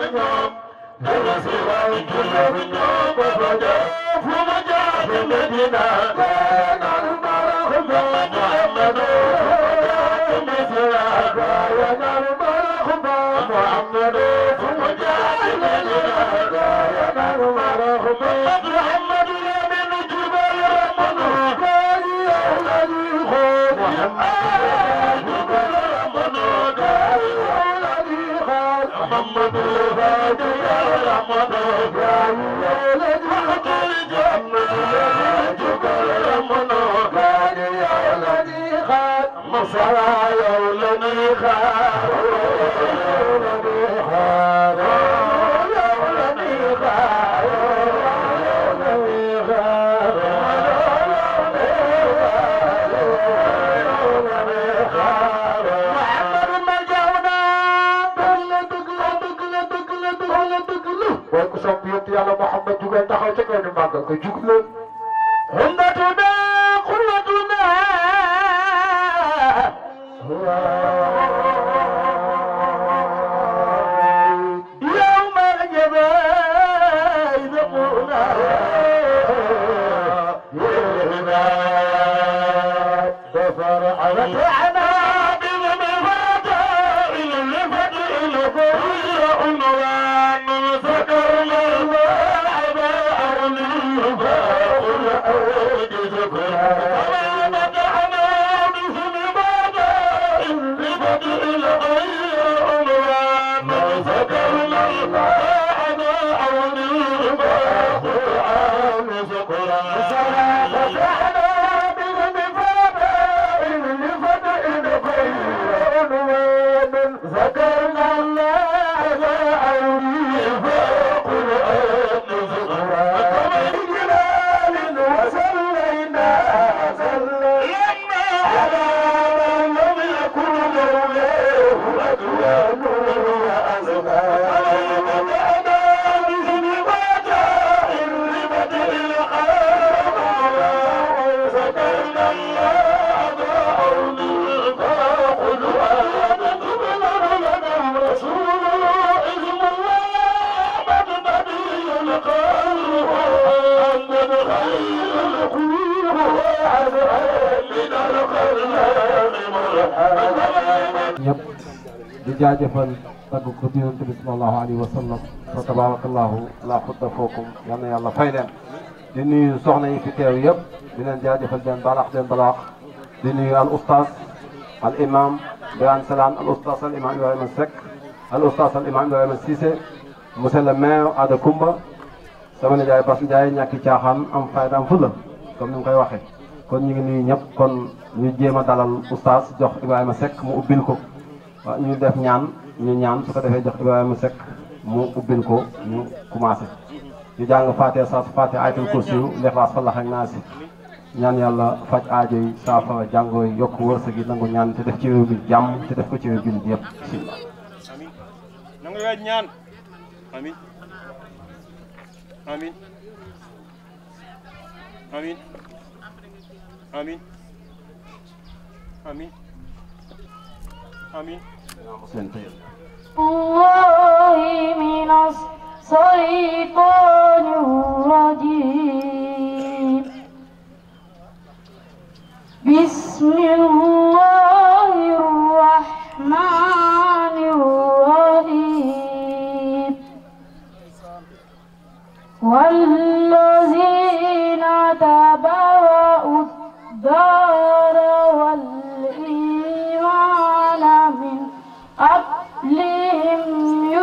محمد محمدوها ديا رمضوها yonent yàlla Muhammad jugal taxaw ca kaw ni màggal ko jug leen الحجاج فل تقوم بسم الله عليه وسلم فتبارك الله لا خط فوقكم يعني يا الله فعلا دنيو سخنا في تاويب من الجاج فل دين بلاق دين بلاق دنيو الاستاذ الامام بيان سلام الاستاذ الامام ابراهيم السك الاستاذ الامام ابراهيم السيسي مسلم ما هذا كومبا سمعنا جاي باس جاي نياكي تياخان ام فايدا ام فلو كم نمكاي واخي كون نيغي نيو نياب كون نيو جيما دالال استاذ جوخ ابراهيم السك مو اوبيل كوك waaw ñu def ñaan ñu ñaan su ko defee jox Ibrahima Seck mu ubbil ko ñu commencé ñu jàng Faatiha saa su Faatiha ayatul kursi yu lexlaas falax ak naasi ñaan yàlla faj aajo yi saafara jàngoo yi yokk wërsëg yi nangu ñaan te def ci réew jàmm te def ko ci réew bi yëpp bismillah ñaan امين طيب. الله من الشيطان الرجيم بسم الله الرحمن الرحيم والذين تبوأوا الدار وال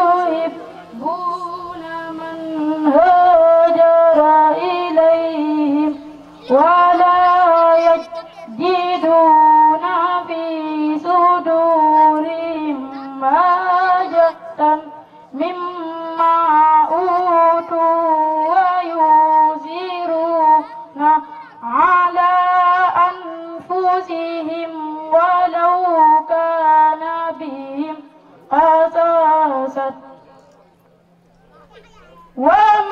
يحبون من هاجر إليهم ولا يجدون في صدورهم حاجة مما Whoa!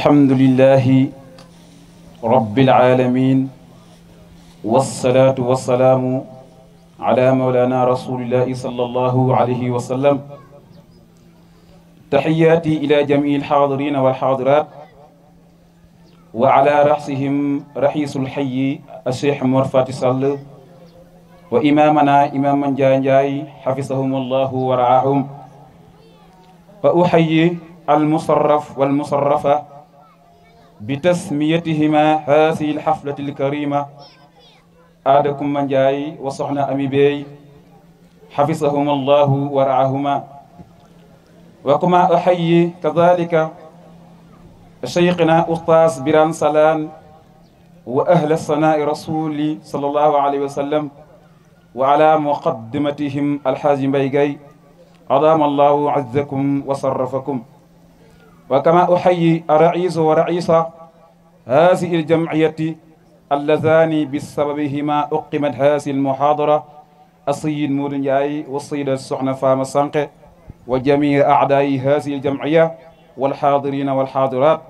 الحمد لله رب العالمين والصلاة والسلام على مولانا رسول الله صلى الله عليه وسلم تحياتي إلى جميع الحاضرين والحاضرات وعلى رأسهم رئيس الحي الشيخ مرفات صلى وإمامنا إمام من جانجاي حفظهم الله ورعاهم فأحيي المصرف والمصرفة بتسميتهما هذه الحفلة الكريمة آدكم من جاي وصحنا أمي بي حفظهم الله ورعاهما وكما أحيي كذلك شيخنا أستاذ بران سلام وأهل الصناء رسول صلى الله عليه وسلم وعلى مقدمتهم الحاج بيجي عظام الله عزكم وصرفكم وكما أحيي الرئيس ورئيس هذه الجمعية اللذان بسببهما أقمت هذه المحاضرة السيد مولن جاي والسيد السحنة فام سانقة وجميع أعداء هذه الجمعية والحاضرين والحاضرات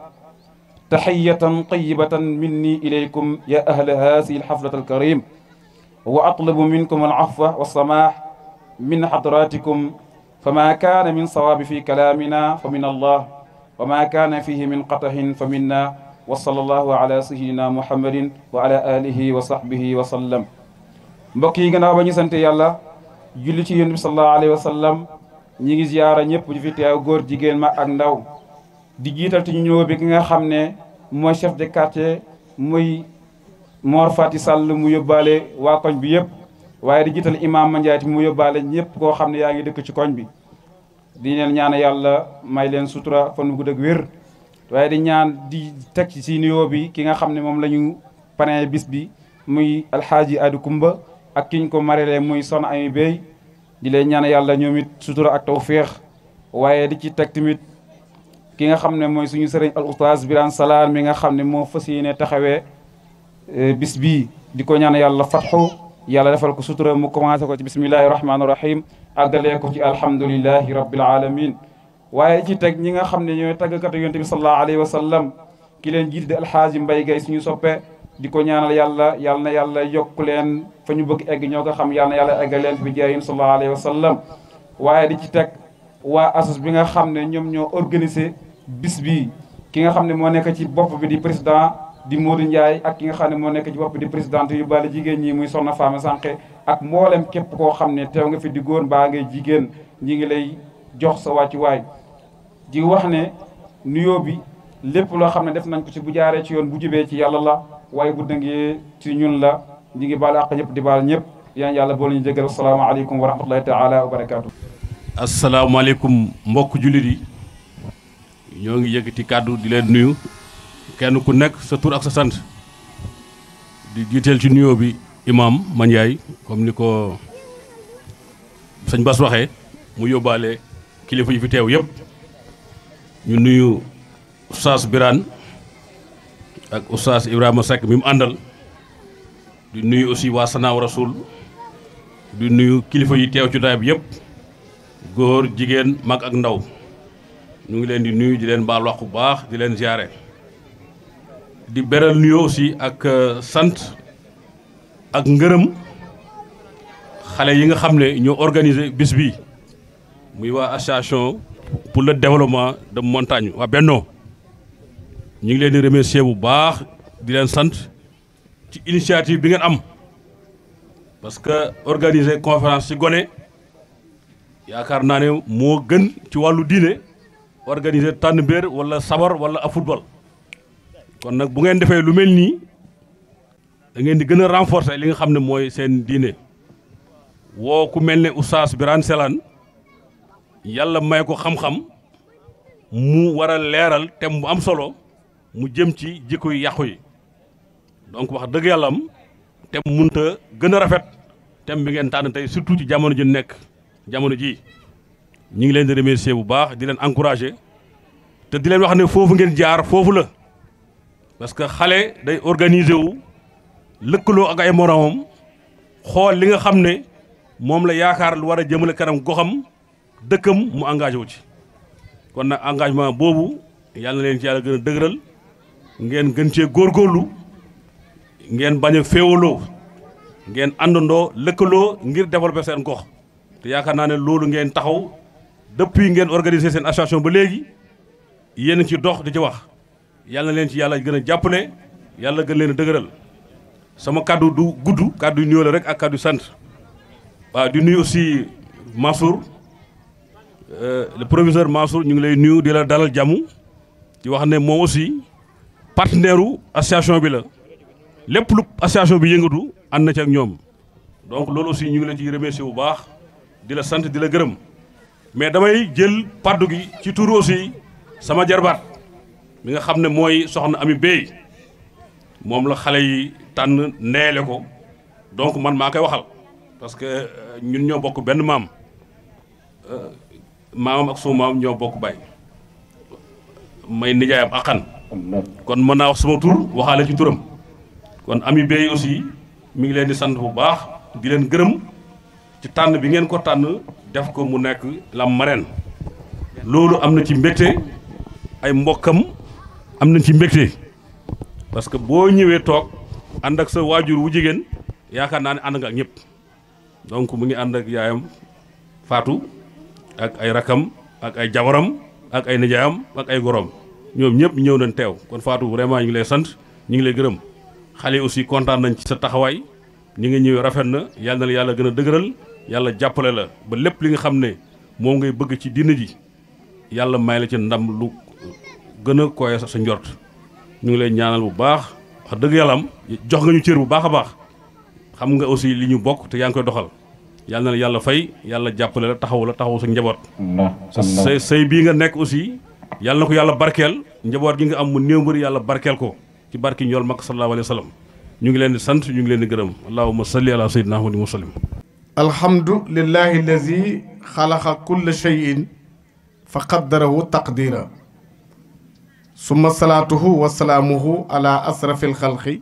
تحية طيبة مني إليكم يا أهل هذه الحفلة الكريم وأطلب منكم العفو والسماح من حضراتكم فما كان من صواب في كلامنا فمن الله وما كان فيه من قطه فمنا وصلى الله على سيدنا محمد وعلى آله وصحبه وسلم mbokk yi gannaaw ba ñu sant yàlla julli ci yonent bi sallallahu alayhi wa sallam ñi ngi ziyaara ñëpp ñu fi teew góor jigéen mag ak ndaw di jiital ci ñëw bi ki nga xam ne mooy chef de quartier muy Mor Fati Sall mu yóbbaale waa koñ bi yëpp waaye di jiital imam Mandiaye mu yóbbaale ñëpp koo xam ne yaa ngi dëkk ci koñ bi di leen ñaan yàlla may leen sutura fan gu dëgg wér waaye di ñaan di teg si nuyoo bi ki nga xam ne moom lañu ñu parrain bis bi muy alxaaji adu Kumba ak kiñ ko marilee muy son ami bay di leen ñaan yàlla ñoomit it sutura ak tawféex waaye di ci teg tamit ki nga xam ne mooy suñu sëriñ al oustaz Birane Salaan mi nga xam ne moo fas yéene taxawee eh, bis bii di ko ñaan yàlla fatxu yàlla defal ko sutura mu commencé ko ci bismillahi rahmaani rahim àddalee ko ci alhamdulillahi rabbil alamin waaye ci teg ñi nga xam ne ñooy yoon yonent bi sallallahu alayhi wa sallam ki leen jiite di alxaaji mbay gay suñu soppee di ko ñaanal yàlla yàlla na yàlla yokk leen fa ñu bëgg egg ñoo ga xam yàlla na yàlla eggal leen fi bi jaay yonent sallallahu alayhi wa sallam waaye di ci teg waa asus bi nga xam ne ñoom ñoo organiser bis bi ki nga xam ne moo nekk ci bopp bi di président di Modou njaay ak ki nga xam ne moo nekk ci bopp di présidente yu bale jigéen ñi muy Soxna Fama Sanke ak mboolem képp koo xam ne teew nga fi di góor baa ngay jigéen ñi ngi lay jox sa wàccuwaay di wax ne nuyoo bi lépp loo xam ne def nañ ko ci bu jaaree ci yoon bu jubee ci yàlla la waaye bu dëngee ci ñun la ñi ngi baal àq ñëpp di baal ñëpp yaan yàlla boole ñu jégal asalaamaaleykum wa rahmatullahi taala mbokk jullit yi ñoo ngi yëkkati kàddu di leen nuyu kenn ku nekk sa tur ak sa sant di jiiteel ci nuyoo bi. imaam Mandiaye comme ni ko sëñ Bass waxee mu yóbbaale kilifa yi fi teew yëpp ñu nuyu Oustaz Birane ak Oustaz Ibrahima Seck mi mu àndal di nuyu aussi waa Sanaaw Rasoul di nuyu kilifa yu teew ci taay bi yëpp góor jigéen mag ak ndaw ñu ngi leen di nuyu di leen baal wax bu baax di leen ziare di beral nuyu aussi ak euh, sant. ak ngërëm xale yi nga xam ne ñoo organiser bis bi muy waa association pour le développement de montagne waa Bennoo ñu ngi leen di remercier bu baax di leen sant ci initiative bi ngeen am parce que organiser conférence ci gone yaakaar naa ne moo gën ci wàllu diine organiser tànn béer wala sabar wala a football kon nag bu ngeen defee lu mel nii da ngeen di gën a renforcer li nga xam ne mooy seen diine woo ku mel ne oustaz Birane Selaan yàlla may ko xam-xam mu war a leeral te mu am solo mu jëm ci jikko yu yàqu yi donc wax dëgg yàlla am te munta gën a rafet thème bi ngeen tànn tey surtout ci jamono ji nekk jamono ji ñu ngi leen di remercier bu baax di leen encourager te di leen wax ne foofu ngeen jaar foofu la parce que xale day organiser wu lëkkaloo ak ay moroomam xool li nga xam ne moom la yaakaar lu war a jëmale kanam goxam dëkkam mu engagé wu ci kon nag engagement boobu yàlla leen ci yàlla gën dëgëral ngeen gën cee góor góorlu ngeen bañ a féewaloo ngeen àndandoo lëkkaloo ngir développer seen gox te yaakaar naa ne loolu ngeen taxaw depuis ngeen organiser seen association ba léegi yéen ci dox di ci wax yàlla leen ci yàlla gën a jàppale yàlla gën leen a dëgëral sama kàddu du gudd kàddu nuyoo la rek ak kàddu sant waaw di nuyu aussi Mansour euh, le proviseur Mansour ñu ngi lay nuyu di la dalal jàmm di wax ne moom aussi partenaire association bi la lépp lu association bi yëngatu ànd na ci ak ñoom donc loolu aussi ñu ngi la ciy remercier bu baax di la sant di la gërëm mais damay jël paddu gi ci tur aussi sama jarbaat mi nga xam ne mooy soxna Ami Bey moom la xale yi tànn neele ko donc man maa koy waxal parce que euh, ñun ñoo bokk benn maam euh, maamam ak suma maam bokk baay may nijaayam kon mën naa wax sama tur waxaale ci turam kon ami bey aussi mu ngi leen di sant bu baax di leen gërëm ci tànn bi ngeen ko tànn def ko mu nekk la marraine loolu am na ci mbégte ay mbokkam am na ci mbégte parce que boo ñëwee toog ànd ak sa waajur wu jigéen yaakaar naa ne ànd nga ak ñëpp donc mu ngi ànd ak yaayam faatu ak ay rakam ak ay jabaram ak ay nijaayam ak ay gorom ñoom ñëpp ñëw nañ teew kon faatu vraiment ñu ngi lay sant ñu ngi lay gërëm xale aussi kontaan nañ ci sa taxawaay ñu ngi ñëwee rafet na yàlla na la yàlla gën a dëgëral yàlla jàppale la ba lépp li nga xam ne moom ngay bëgg ci diina ji yàlla may la ci ndam lu gën a koy sa njort ñu ngi lay ñaanal bu baax. wax dëgg yàlla am jox nga ñu cër bu baax a baax xam nga aussi li ñu bokk te yaa ngi koy doxal yàlla na la yàlla fay yàlla jàppale la taxaw la taxaw sa njaboot. say say bii nga nekk aussi yàlla na ko yàlla barkeel njaboot gi nga am mu néew yàlla barkeel ko ci barki ñool mag sallallahu alayhi wa sallam ñu ngi leen di sant ñu ngi leen di gërëm ma allahumma salli ala sayyidina ahmadin wa sallim alhamdulillahi allazi xalaqa kulla shay'in fa qaddarahu taqdira ثم صلاته وسلامه على أسرف الخلق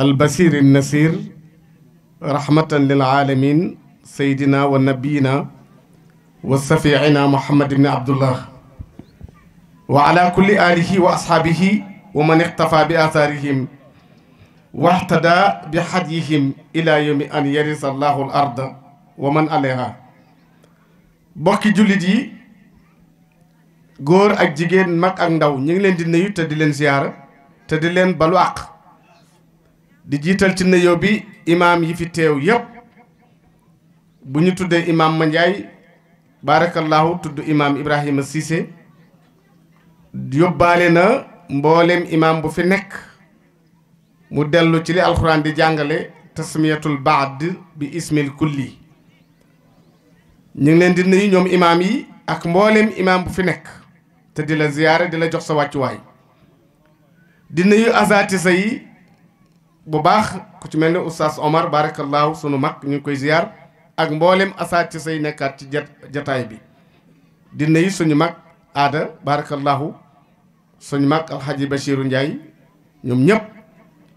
البصير النسير رحمة للعالمين سيدنا ونبينا وصفيعنا محمد بن عبد الله وعلى كل آله وأصحابه ومن اقتفى بآثارهم واحتدى بحديهم إلى يوم أن يرث الله الأرض ومن عليها بقي جلدي góor ak jigéen mag ak ndaw ñu ngi leen di nayu te di leen ziyaara te di leen balu di jiital ci nuyoo bi imaam yi fi teew yëpp bu ñu tuddee imaam Mandiaye barakallahu tudd imaam Ibrahima Cissé yóbbaale na mboolem imaam bu fi nekk mu dellu ci li alxuraan di jàngale tasmiyatul baad bi ismil kulli ñu ngi leen di nuyu ñoom imaam yi ak mboolem imaam bu fi nekk te di la ziyaare di la jox sa wàccuwaay di nuyu asatisa yi bu baax ku ci mel ni oustaz Omar barakallahu sunu mag ñu koy ziyaar ak mboolem asatisa yi nekkaat ci jataay bi di nuyu suñu mag aada barakallahu suñu mag alxaji Bachiru Ndiaye ñoom ñëpp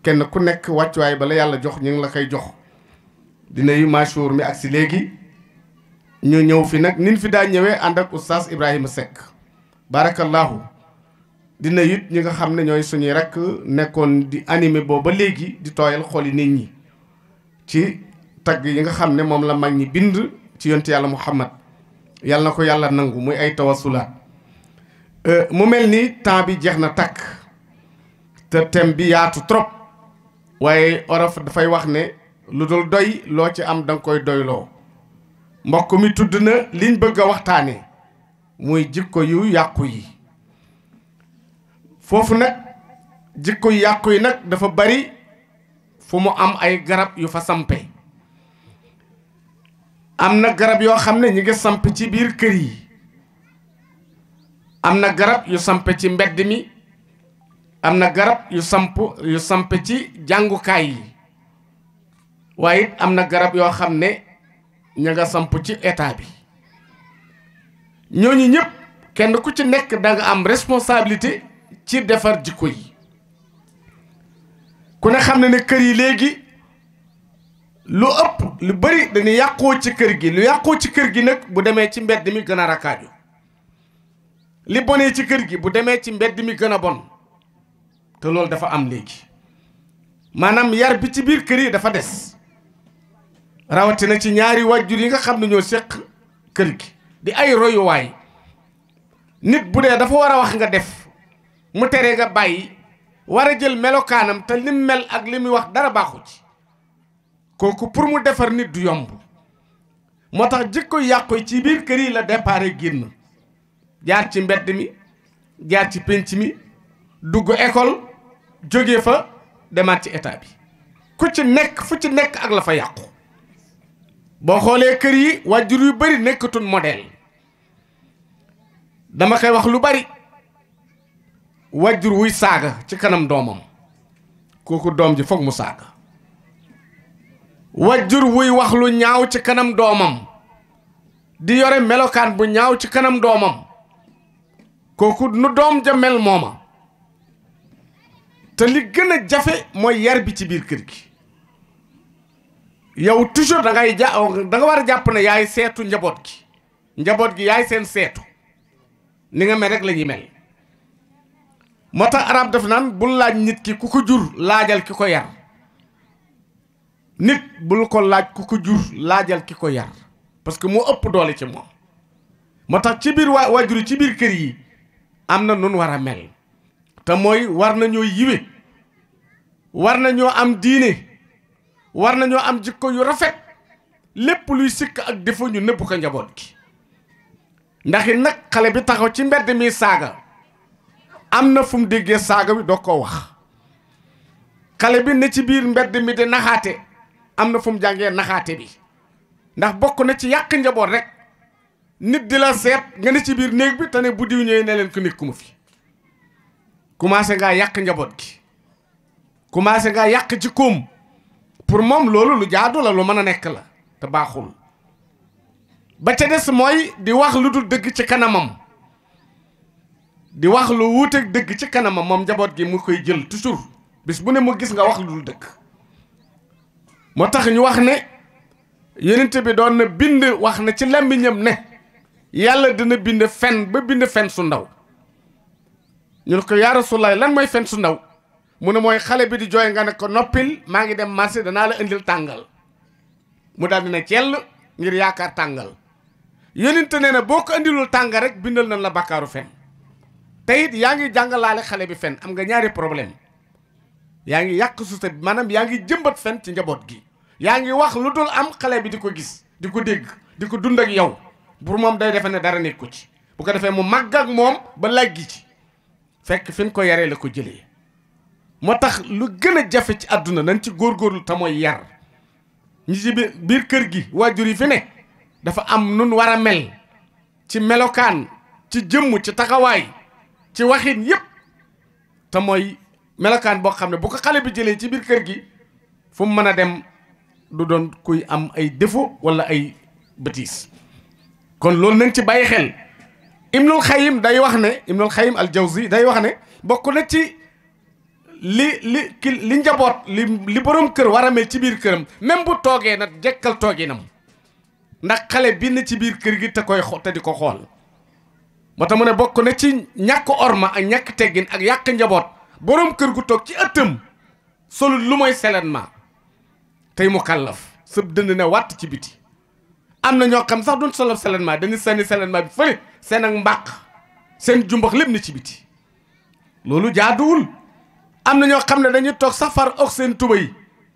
kenn ku nekk wàccuwaay bala yàlla jox ñu ngi la koy jox di nuyu Machour mi ak si léegi ñu ñëw fi nag nin fi daa ñëwee ànd ak oustaz Ibrahima Seck barakallahu dina it ñi nga xam ne ñooy suñuy rekk nekkoon di animé booba léegi di tooyal xoli nit ñi ci tagg yi nga xam ne moom la mag ñi bind ci yonti yàlla muhammad yàlla na ko yàlla nangu muy ay tawasulaat euh, mu mel ni temps bi jeex na takk te thème bi yaatu trop waaye orof dafay wax ne lu dul doy loo ci am danga koy doyloo mbokk mi tudd na liñ bëgg a waxtaane muy jikko yu yàqu yi foofu nag jikko yu yàqu yi nag dafa bari fu mu am ay garab yu fa sampe am na garab yoo xam ne ñi ngi samp ci biir kër yi am na garab yu samp ci mbedd mi am na garab yu samp yu samp ci jàngukaay yi waaye it am na garab yoo xam ne ña nga samp ci état bi ñooñu ñëpp kenn ku ci nekk danga am responsabilité ci defar jikko yi ku ne xam na ne kër yi léegi lu ëpp lu bari dañuy yàqoo ci kër gi lu yàqoo ci kër gi nag bu demee ci mbedd mi gën a rakaaju li bonee ci kër gi bu demee ci mbedd mi gën a bon te loolu dafa am léegi maanaam yar bi ci biir kër yi dafa des rawatina ci ñaari wàjjur yi nga xam ne ñoo séq kër gi di ay royuwaay nit bu dee dafa war a wax nga def mu tere nga bàyyi war a jël melokaanam te lim mel ak li muy wax dara baaxu ci kooku pour mu defar nit du yomb moo tax jikko yàqu ci biir kër yi la départ génn jaar ci mbedd mi jaar ci pénc mi dugg école jóge fa demaat ci état bi ku ci nekk fu ci nekk ak la fa yàqu boo xoolee kër yi wàjjur yu bari nekkatul modèle dama koy wax lu bari wajjur wuy saaga ci kanam doomam kooku doom ji foog mu saaga wajjur wuy wax lu ñaaw ci kanam doomam di yore melokaan bu ñaaw ci kanam doomam kooku nu doom ja mel mooma te li gën a jafe mooy yar bi ci biir kër gi yow toujours da ngay ja war a jàpp ne yaay seetu njaboot gi njaboot gi yaay seen seetu ni nga mel rek la ñuy mel moo tax arab daf naan bul laaj nit ki ku ko jur laajal ki ko yar nit bul ko laaj ku ko jur laajal ki ko yar parce que moo ëpp doole ci moom moo tax ci biir waa waajur ci biir kër yi am na noon war a mel te mooy war nañoo yiwe war nañoo am diine war nañoo am jikko yu rafet lépp luy sikk ak defa ñu nëbb ko njaboot gi ndax it nag xale bi taxaw ci mbedd mi saaga am na fu mu déggee saaga bi doo ko wax xale bi ne ci biir mbedd mi di naxaate am na fu mu jàngee naxaate bi ndax bokk na ci yàq njaboot rek nit di la seet nga ne ci biir néeg bi tane bu diw ñëwee ne leen ko nekkuma fi commencé ngaa yàq njaboot gi commencé nga yàq ci koom pour moom loolu lu jaadu la lu mën a nekk la te baaxul ba ca des mooy di wax lu dul dëgg ci kanamam di wax lu wuuteeg dëgg ci kanamam moom njaboot gi mu koy jël toujours bis bu ne mu gis nga wax lu dul dëgg moo tax ñu wax ne yenente bi doon na bind wax na ci làmmiñam ne yàlla dina bind fen ba bind fen su ndaw ñu ne ko yaa rasulaay lan mooy fen su ndaw mu ne mooy xale bi di jooy nga ne ko noppil maa ngi dem marché danaa la indil tàngal mu daal dina cell ngir yaakaar tàngal yonente nee na boo ko andilul tàng rek bindal nañ la bàkkaaru fen te it yaa ngi jàngalaale xale bi fen am nga ñaari problème yaa ngi yàq suusa bi maanaam yaa ngi jëmbat fen ci njaboot gi yaa ngi wax lu dul am xale bi di ko gis di ko dégg di ko dund ak yow pour moom day defe ne dara nekk ko ci bu ko defee mu màgg ak moom ba làggi ci fekk fi nga ko yaree la ko jëlee moo tax lu gën a jafe ci àdduna nañ ci góorgóorlu te mooy yar ñi ci biir kër gi waajur yi fi ne dafa am nun war a mel ci melokaan ci jëmm ci taxawaay ci waxin yépp te mooy melokaan boo xam ne bu ko xale bi jëlee ci biir kër gi fu mën a dem du doon kuy am ay défaut wala ay bêtise kon loolu nañ ci bàyyi xel Ibnul Xayim day wax ne Ibnul Xayim al Jawzi day wax ne bokk na ci li li ki li njaboot li li borom kër war a mel ci biir këram même bu toogee nag jekkal tooginam ndax xale bi na ci biir kër gi te koy te di ko xool moo tax mu ne bokk na ci ñàkk orma ak ñàkk teggin ak yàq njaboot boroom kër gu toog ci ëttam solul lu mooy selenma tey mu kàllaf sëb dënd ne wàtt ci biti am na ñoo xam sax duñ solo selenma dañu sànni selenma bi fële seen ak mbàq seen jumbax lépp ne ci biti loolu jaaduwul am na ñoo xam ne dañuy toog safar ok seen tuba yi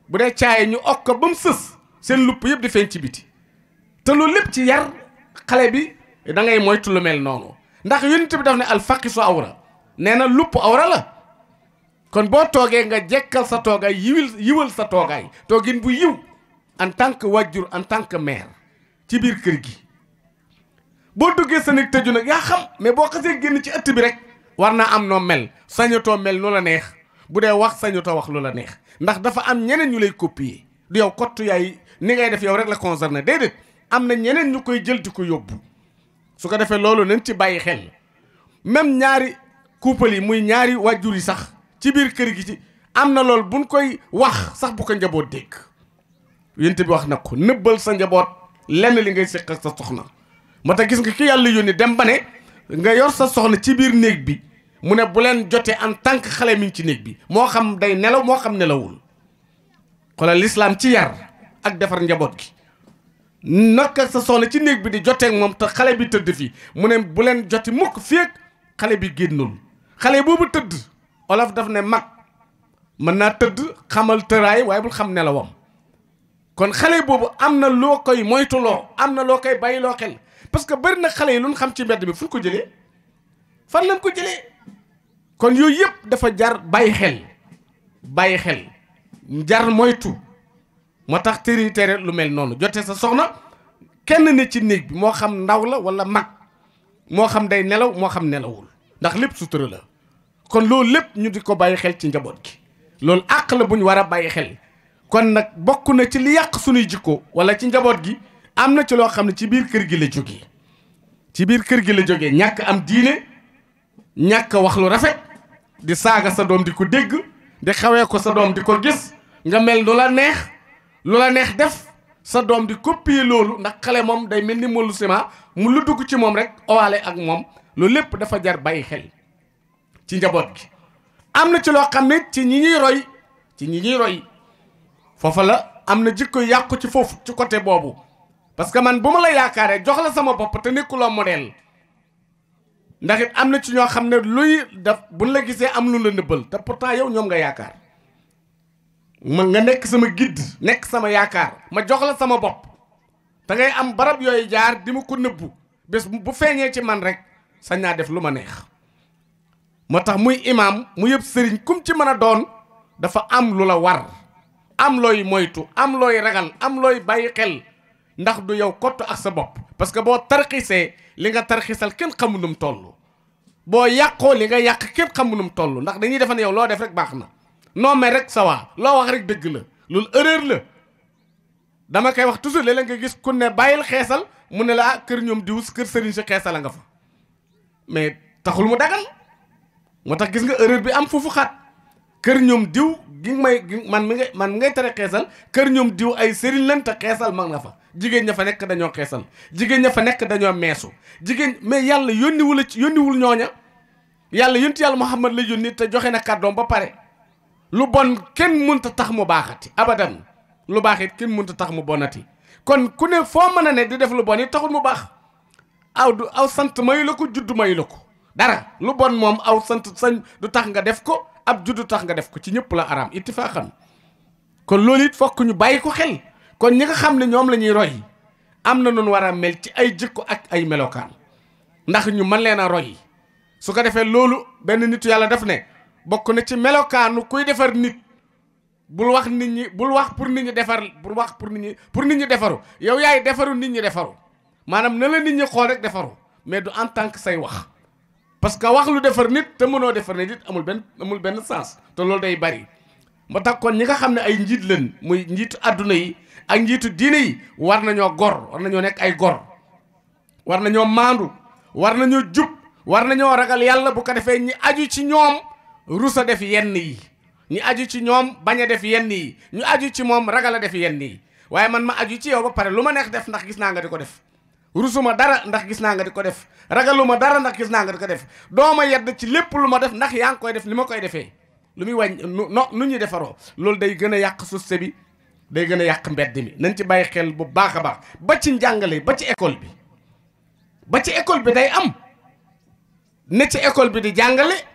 bu dee caaye ñu ok ko ba mu sës seen lupp yëpp di feeñ ci biti te loolu lépp ci yar xale bi dangay ngay moytu lu mel noonu ndax yonent bi daf ne alfaqisu awra nee na lupp awra la kon boo toogee nga jekkal sa toogaay yiwil yiwal sa toogaay toogin bu yiw en tant que wàjjur en tant que mère ci biir kër gi boo duggee sa néeg tëju nag yaa xam mais boo xasee génn ci ëtt bi rek war naa am noo mel sañatoo mel nu la neex bu dee wax sañatoo wax lu la neex ndax dafa am ñeneen ñu lay yi du yow kott yaay ni ngay def yow rek la concerné déedéet am na ñeneen ñu koy jël di ko yóbbu su ko defee loolu nañ ci bàyyi xel même ñaari couple yi muy ñaari wàjjur yi sax ci biir kër gi ci am na loolu buñ koy wax sax bu ko njaboot dégg yénte bi wax na ko nëbbal sa njaboot lenn li ngay séq sa soxna moo tax gis nga ki yàlla yónni dem ba ne nga yor sa soxna ci biir néeg bi mu ne bu leen jotee en tant xale mi ci néeg bi moo xam day nelaw moo xam nelawul xoolal lislaam ci yar ak defar njaboot gi naka sa soxna ci néeg bi di joteeg moom te xale bi tëdd fii mu ne bu leen joti mukk fii xale bi génnul xale boobu tëdd olof daf ne mag mën naa tëdd xamal tëraay waaye bul xam nelawam kon xale boobu am na loo koy moytuloo am na loo koy bàyyiloo xel parce que bari na xale yi lu ñu xam ci mbedd bi fu ñu ko jëlee fan lañ ko jëlee kon yooyu yëpp dafa jar bàyyi xel bàyyi xel jar moytu moo tax tëri tere lu mel noonu jote sa soxna kenn ne ci néeg bi moo xam ndaw la wala mag moo xam day nelaw moo xam nelawul ndax lépp sutura la kon loolu lépp ñu di ko bàyyi xel ci njaboot gi loolu àq la bu ñu war a bàyyi xel kon nag bokk na ci li yàq suñuy jikko wala ci njaboot gi am na ci loo xam ne ci biir kër gi la jógee ci biir kër gi la jógee ñàkk am diine ñàkk wax lu rafet di saaga sa doom di ko dégg di xawee ko sa doom di ko gis nga mel nu la neex lu la neex def sa doom di copier loolu ndax xale moom day mel ni moolu ciment mun lu dugg ci moom rek owaale ak moom loolu lépp dafa jar bàyyi xel ci njaboot gi am na ci loo xam ne ci ñi ñuy roy ci ñi ñuy roy foofa la am na jikko yàqu ci foofu ci côté boobu parce que man bu ma la yaakaaree jox la sama bopp te nekkuloo modèle ndax it am na ci ñoo xam ne luy def buñ la gisee am lu la nëbbal te pourtant yow ñoom nga yaakaar ma nga nekk sama gidd nekk sama yaakaar ma jox la sama bopp da ngay am barab yooyu jaar di ma ko nëbbu bés bu feeñee ci man rek sañ def lu ma neex moo tax muy imaam mu yëpp sëriñ kum ci mën a doon dafa am lu la war am looy moytu am looy ragal am looy bàyyi xel ndax du yow kott ak sa bopp parce que boo tarxisee li nga tarxisal kenn xamu num toll boo yàqoo li nga yàq kenn xamu num toll ndax dañuy defe ne yow loo def rek baax na non mais rek sa loo wax rek dëgg la loolu erreur la dama koy wax toujours léeg-léeg nga gis ku ne bàyyil xeesal mu ne la ah kër ñoom diwus kër sëriñ si xeesal a nga fa mais taxul mu dagal moo tax gis nga erreur bi am foofu xaat kër ñoom diw gi may man mi ngay man mi ngay tere xeesal kër ñoom diw ay sëriñ lanta xeesal mag nga fa jigéen ña fa nekk dañoo xeesal jigéen ña fa nekk dañoo meesu jigéen mais yàlla yónniwul ci yónniwul ñooña yàlla yónni yàlla Muhammad la yónni te joxe na kàddoom ba pare lu bon kenn mënta tax mu baaxati abadan lu baax it kenn mënta tax mu bonati kon ku ne foo mën a ne di def lu bon it taxul mu baax aw du aw sant mayu la ko juddu mayu la ko dara lu bon moom aw sant sañ du tax nga def ko ab juddu tax nga def ko ci ñëpp la araam ittifaaxan kon loolu it fokk ñu bàyyi ko xel kon ñi nga xam ne ñoom la ñuy roy am na nun war a mel ci ay jikko ak ay melokaan ndax ñu mën leen a roy su ko defee loolu benn nitu yàlla def ne bokk na ci melokaanu kuy defar nit bul wax nit ñi bul wax pour nit ñi defar bul wax pour nit ñi pour nit ñi defaru yow yaay defaru nit ñi defaru maanaam na la nit ñi xool rek defaru mais du en tant que say wax parce que wax lu defar nit te mënoo defar nit amul benn amul benn sens te loolu day bari ba tax kon ñi nga xam ne ay njiit lañ muy njiitu àdduna yi ak njiitu diine yi war nañoo gor war nañoo nekk ay gor war nañoo maandu war nañoo jub war nañoo ragal yàlla bu ko defee ñi aju ci ñoom rus a def yenn yi ñu aju ci ñoom bañ a def yenn yi ñu aju ci moom ragal a def yenn yi waaye man ma aju ci yow ba pare lu ma neex def ndax gis naa nga di ko def rusuma dara ndax gis naa nga di ko def ragaluma dara ndax gis naa nga di ko def doo ma yedd ci lépp lu ma def ndax yaa ngi koy def li ma koy defee lu muy wàññ no nu ñuy defaroo loolu day gën a yàq suste bi day gën a yàq mbedd mi nañ ci bàyyi xel bu baax a baax ba ci njàngale ba ci école bi ba ci école bi day am ne ci école bi di jàngale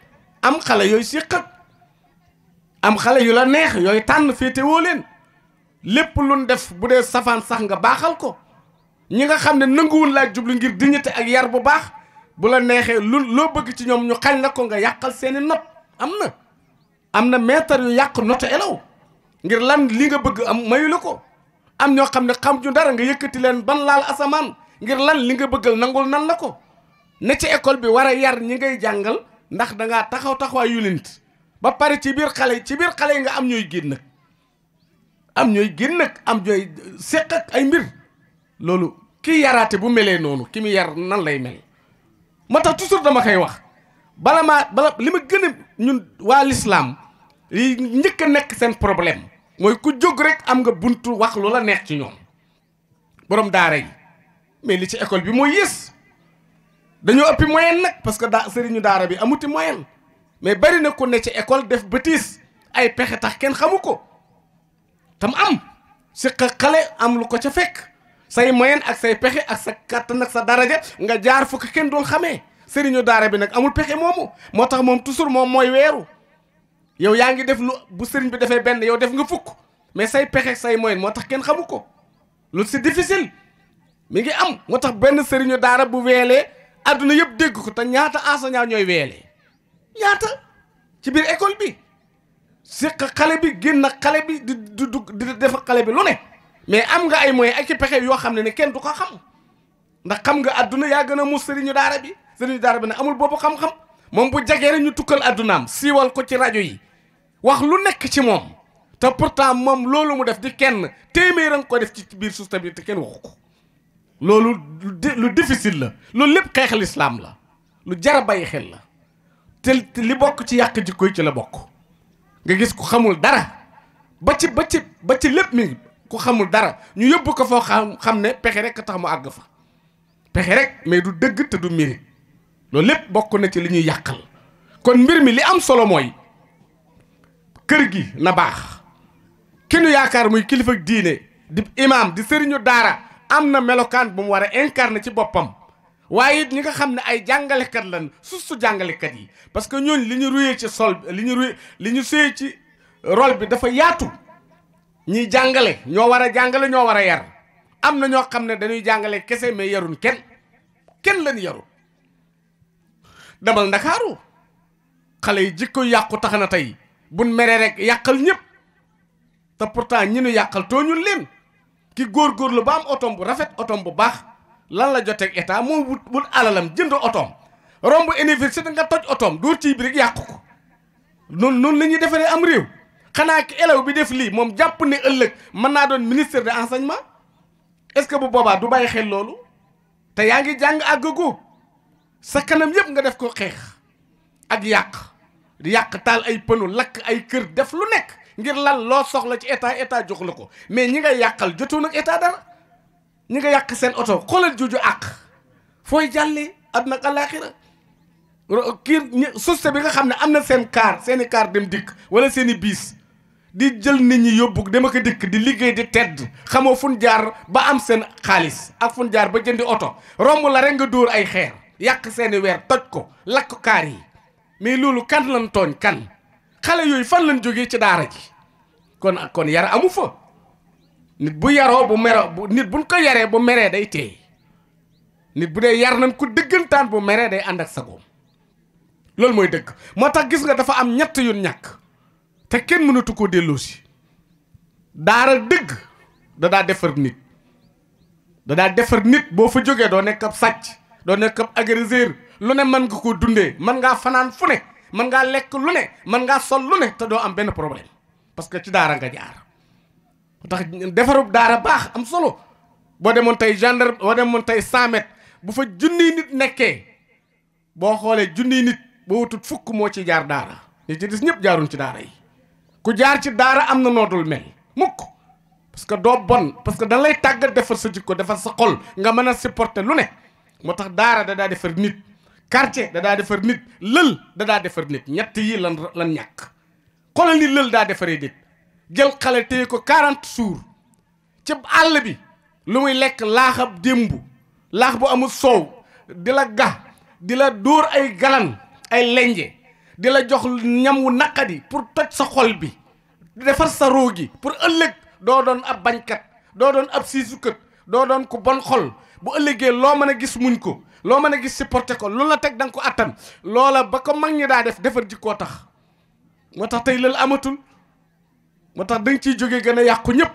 am xale yooyu siqat am xale yu la neex yooyu tànn woo leen lépp luñ def bu dee safaan sax nga baaxal ko ñi nga xam ne nanguwul laa jublu ngir dignité ak yar bu baax bu la neexee lu loo bëgg ci ñoom ñu xañ la ko nga yàqal seeni not am na am na maître yu yàq notu elaw ngir lan li nga bëgg am mayu la ko am ñoo xam ne xam ju dara nga yëkkati leen ban laal asamaan ngir lan li nga bëggal nangul nan la ko ne ci école bi war a yar ñi ngay jàngal ndax dangaa taxaw taxawaay yonent ba pare ci biir xale yi ci biir xale yi nga am ñooy génn nag am ñooy génn am ñooy séq ak ay mbir loolu kii yaraate bu melee noonu ki mu yar nan lay mel ma tax toujours dama koy wax bala maa bala li ma gën ñun waa lislaam yi njëkk a nekk seen problème mooy ku jóg rek am nga buntu wax lu la neex ci ñoom borom daara yi mais li ci école bi mooy yées dañoo ëppi moyen nag parce que daa sëriñu daara bi amuti moyen mais bari na ku ne ci école def bêtise ay pexe tax kenn xamu ko tam am si xale am lu ko ca fekk say moyen ak say pexe ak sa kàttan ak sa daraja nga jaar fukk kenn dool xamee sëriñu daara bi nag amul pexe moomu moo tax moom toujours moom mooy weeru yow yaa ngi def lu bu sëriñ bi defee benn yow def nga fukk mais say pexe say moyen moo tax kenn xamu ko lu si difficile mi ngi am moo tax benn sëriñu daara bu weelee àdduna yëpp dégg ko te ñaata enseignant ñooy weele ñaata ci biir école bi séq xale bi génn xale bi di dugg di def xale bi lu ne mais am nga ay moyens ak ci pexe yoo xam ne ne kenn du ko xam ndax xam nga àdduna yaa gën a mu sëriñu daara bi sëriñu daara bi ne amul boobu xam-xam moom bu jagee rek ñu tukkal àddunaam siiwal ko ci rajo yi wax lu nekk ci moom te pourtant moom loolu mu def di kenn téeméer a nga ko def ci biir suuf tamit te kenn waxu ko loolu lu difficile la loolu lépp xeex lislaam la lu jar a bàyyi xel la te li bokk ci yàq jikko yi ci la bokk nga gis ku xamul dara ba ci ba ci ba ci lépp mi ku xamul dara ñu yóbbu ko foo xam xam ne pexe rek tax mu àgg fa pexe rek mais du dëgg te du mérite loolu lépp bokku na ci li ñuy yàqal kon mbir mi li am solo mooy kër gi na baax ki nu yaakaar muy kilifa diine di imaam di sëriñu daara am na melokaan bu mu war a incarner ci boppam waaye it ñi nga xam ne ay jàngalekat lan su jàngalekat yi parce que ñooñ li ñu ruyee ci sol li ñu ruyee li ñu suyee ci rôle bi dafa yaatu ñiy jàngale ñoo war a jàngale ñoo war a yar am na ñoo xam ne dañuy jàngale kese mais yaruñ kenn kenn lañ yarul demal ndakaaru xale yi jikko yàqu tax na tey buñ meree rek yàqal ñëpp te pourtant ñi nu yàqal tooñul leen ki góorgóorlu ba am otom bu rafet otom bu baax lan la joteeg état moo wut wut alalam jënd otom romb université nga toj otom dóor ciy birig yàqu ko noonu noonu la ñuy defaree am réew xanaa ki élève bi def lii moom jàpp ne ëllëg mën naa doon ministre de l'enseignement est-ce que bu boobaa du bàyyi xel loolu te yaa ngi jàng àggagoo sa kanam yëpp nga def ko xeex ak yàq yàq taal ay pënu lakk ay kër def lu nekk ngir lan loo soxla ci état état jox la ko mais ñi nga yàqal jotu nag état dara ñi nga yàq seen oto xoolal juju àq fooy jàllee àdduna ak àllaaxira kii société bi nga xam ne am na seen kaar seen i kaar dem dikk wala seeni biis di jël nit ñi yóbbu dama ko dikk di liggéey di tedd xamoo fu ñu jaar ba am seen xaalis ak fu jaar ba jëndi oto romb la rek nga dóor ay xeer yàq seen i weer toj ko lakk kaar yi mais loolu kan lan tooñ kan xale yooyu fan lañ jógee ci daara ji kon kon yar amu fa nit bu yaroo bu meroo nit buñ ko yaree bu meree day teey nit bu dee yar nañ ko dëggantaan bu meree day ànd ak sagoom loolu mooy dëgg moo tax gis nga dafa am ñett yu ñàkk te kenn mënatu koo delloosi daara dëgg da daa defar nit da daa defar nit boo fa jógee doo nekk sàcc doo nekk ab agresseur lu ne mën nga koo dundee mën ngaa fanaan fu ne mën ngaa lekk lu ne mën ngaa sol lu ne te doo am benn problème parce que ci daara nga jaar tax defarub daara baax am solo boo demoon tey gendarme boo demoon tey cent mètres bu fa junniy nit nekkee boo xoolee junniy nit boo wutut fukk moo ci jaar daara ñi ci des ñëpp jaaruñ ci daara yi ku jaar ci daara am na noo dul mel mukk parce que doo bon parce que dañ lay tàggat defar sa jikko defar sa xol nga mën a supporter lu ne moo tax daara da daa defar nit quartier da da defer nit leul da da defer nit ñett yi lan lan ñak xoolal ni lël daa defaree nit jël xalé téye ko 40 suur ci all bi lu muy lek bu amul soow di ga dila dur ay galan ay lenje dila jox ñamu nakadi pour toj sa xol bi defar sa rogi pour ëlëk do doon ab bañkat do doon ab do doon ku bon xol bu ëlëgé lo mëna gis muñ ko loo mën a gis supporté ko lu la teg danga ko attan loola ba ko mag ñi daa def defar jikkoo tax moo tax tey lël amatul moo tax da nga ciy jógee gën a yàqu ñëpp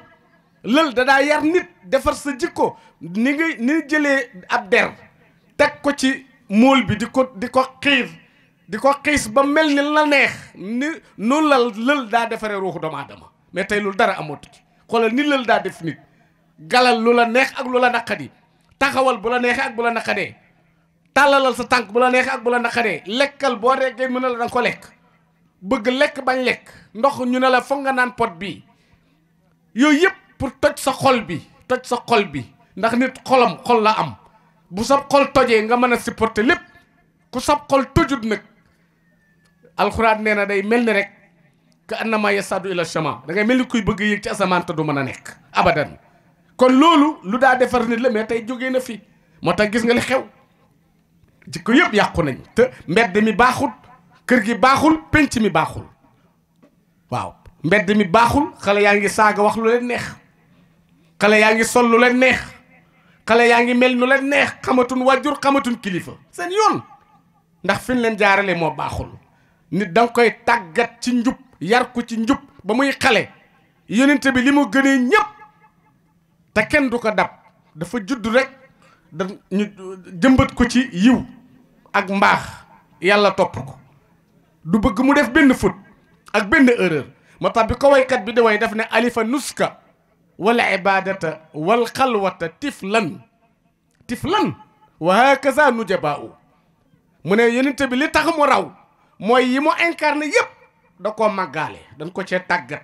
lël dadaa yar nit defar sa jikko ni nga ni jëlee ab der teg ko ci mool bi di ko di ko xiir di ko xiis ba mel ni la neex ni noonu la lël daa defaree ruuxu doomu aadama mais tey lu dara amatu ci xoolal ni lël daa def nit galal lu la neex ak lu la naqadi taxawal bu la neexee ak bu la naqadee talalal sa tank bu la neex ak bu la nakare lekkal bo rege mu ne la dang ko lek bëgg lek bañ lek ndox ñu ne la foog nga naan pot bi yoy yep pour toj sa xol bi toj sa xol bi ndax nit xolam xol la am bu sa xol toje nga mën supporter lepp ku sab xol tojut nak alquran neena day melni rek ka annama yasadu ila shama da ngay melni kuy bëgg yéeg ci asaman ta du mën nek abadan kon lolu lu da defar nit la mais tay joge na fi motax gis nga li xew jikko yëpp yàqu nañ te mbedd mi baaxul kër gi baaxul penc mi baaxul waaw mbedd mi baaxul xale yaa ngi saaga wax lu leen neex xale yaa ngi sol lu leen neex xale yaa ngi mel nu leen neex xamatuñ wàjjur xamatuñ kilifa seen yoon ndax fi leen jaarale moo baaxul nit da koy tàggat ci njub yar ko ci njub ba muy xale yonente bi li mu gënee ñëpp te kenn du ko dab dafa judd rekk da ñu jëmbat ko ci yiw ak mbaax yàlla topp ko du bëgg mu def benn faute ak benn erreur moo tax bi ko waykat bi di way daf ne alifa nuska wal ibadata wal xalwata tiflan tiflan wa hakaza nujabaa'u mu ne yenente bi li tax mu raw mooy yi mu incarné yépp da koo màggaale dañ ko cee tàggat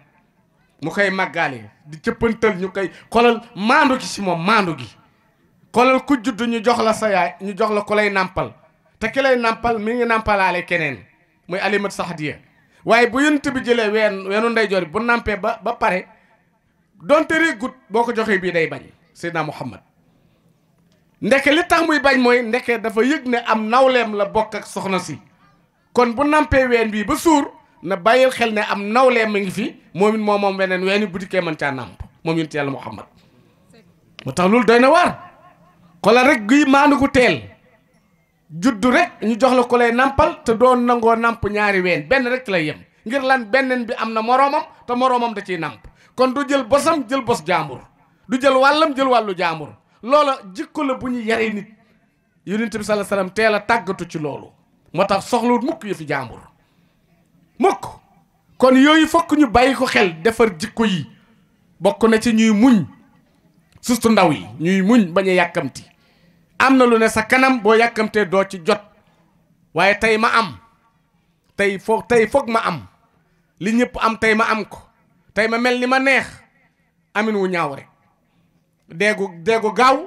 mu koy màggaale di cëppantal ñu koy xolal maandu gi si moom maandu gi xolal ku judd ñu jox la sa yaay ñu jox la ku lay nàmpal te kilay nàmpal mi ngi nàmpalaale keneen muy alimat saxdiya waaye bu yonent bi jëlee ween wenu ndeyjoor bi bu nàmpee ba ba pare donte réegut boo ko joxee bii day bañ seydina muhammad ndeke li tax muy bañ mooy ndeke dafa yëg ne am nawleem la bokk ak soxna si kon bu nampee ween bii ba suur na bàyyil xel ne am nawleem mi ngi fi moom it moo moom weneen weeni bu dikkee mën caa nàmp moom yonent yàlla muhammad moo tax loolu doy na waar xoolal rek guy maandu ko teel juddu rek ñu jox la ko lay nampal te doon nangoo namp ñaari ween benn rek lay yem ngir lan benneen bi am na moroomam te moroomam da ciy nàmp kon du jël bosam jël bos jaambur du jël wàllam jël wàllu jaambur loola jikko la bu ñu yaree nit yonent bi sallallahu alayhi wasallam teel a tàggatu ci loolu moo tax soxlawut mukk yëfi jaambur mukk kon yooyu fokk ñu bàyyi ko xel defar jikko yi bokk na ci ñuy muñ surtout ndaw yi ñuy muñ bañ a yàkkamti am na lu ne sa kanam boo yàkkamtee doo ci jot waaye tey ma am tey foo tey foog ma am li ñëpp am tey ma am ko tey ma mel ni ma neex amin wu ñaaw rek deegu deegu gaaw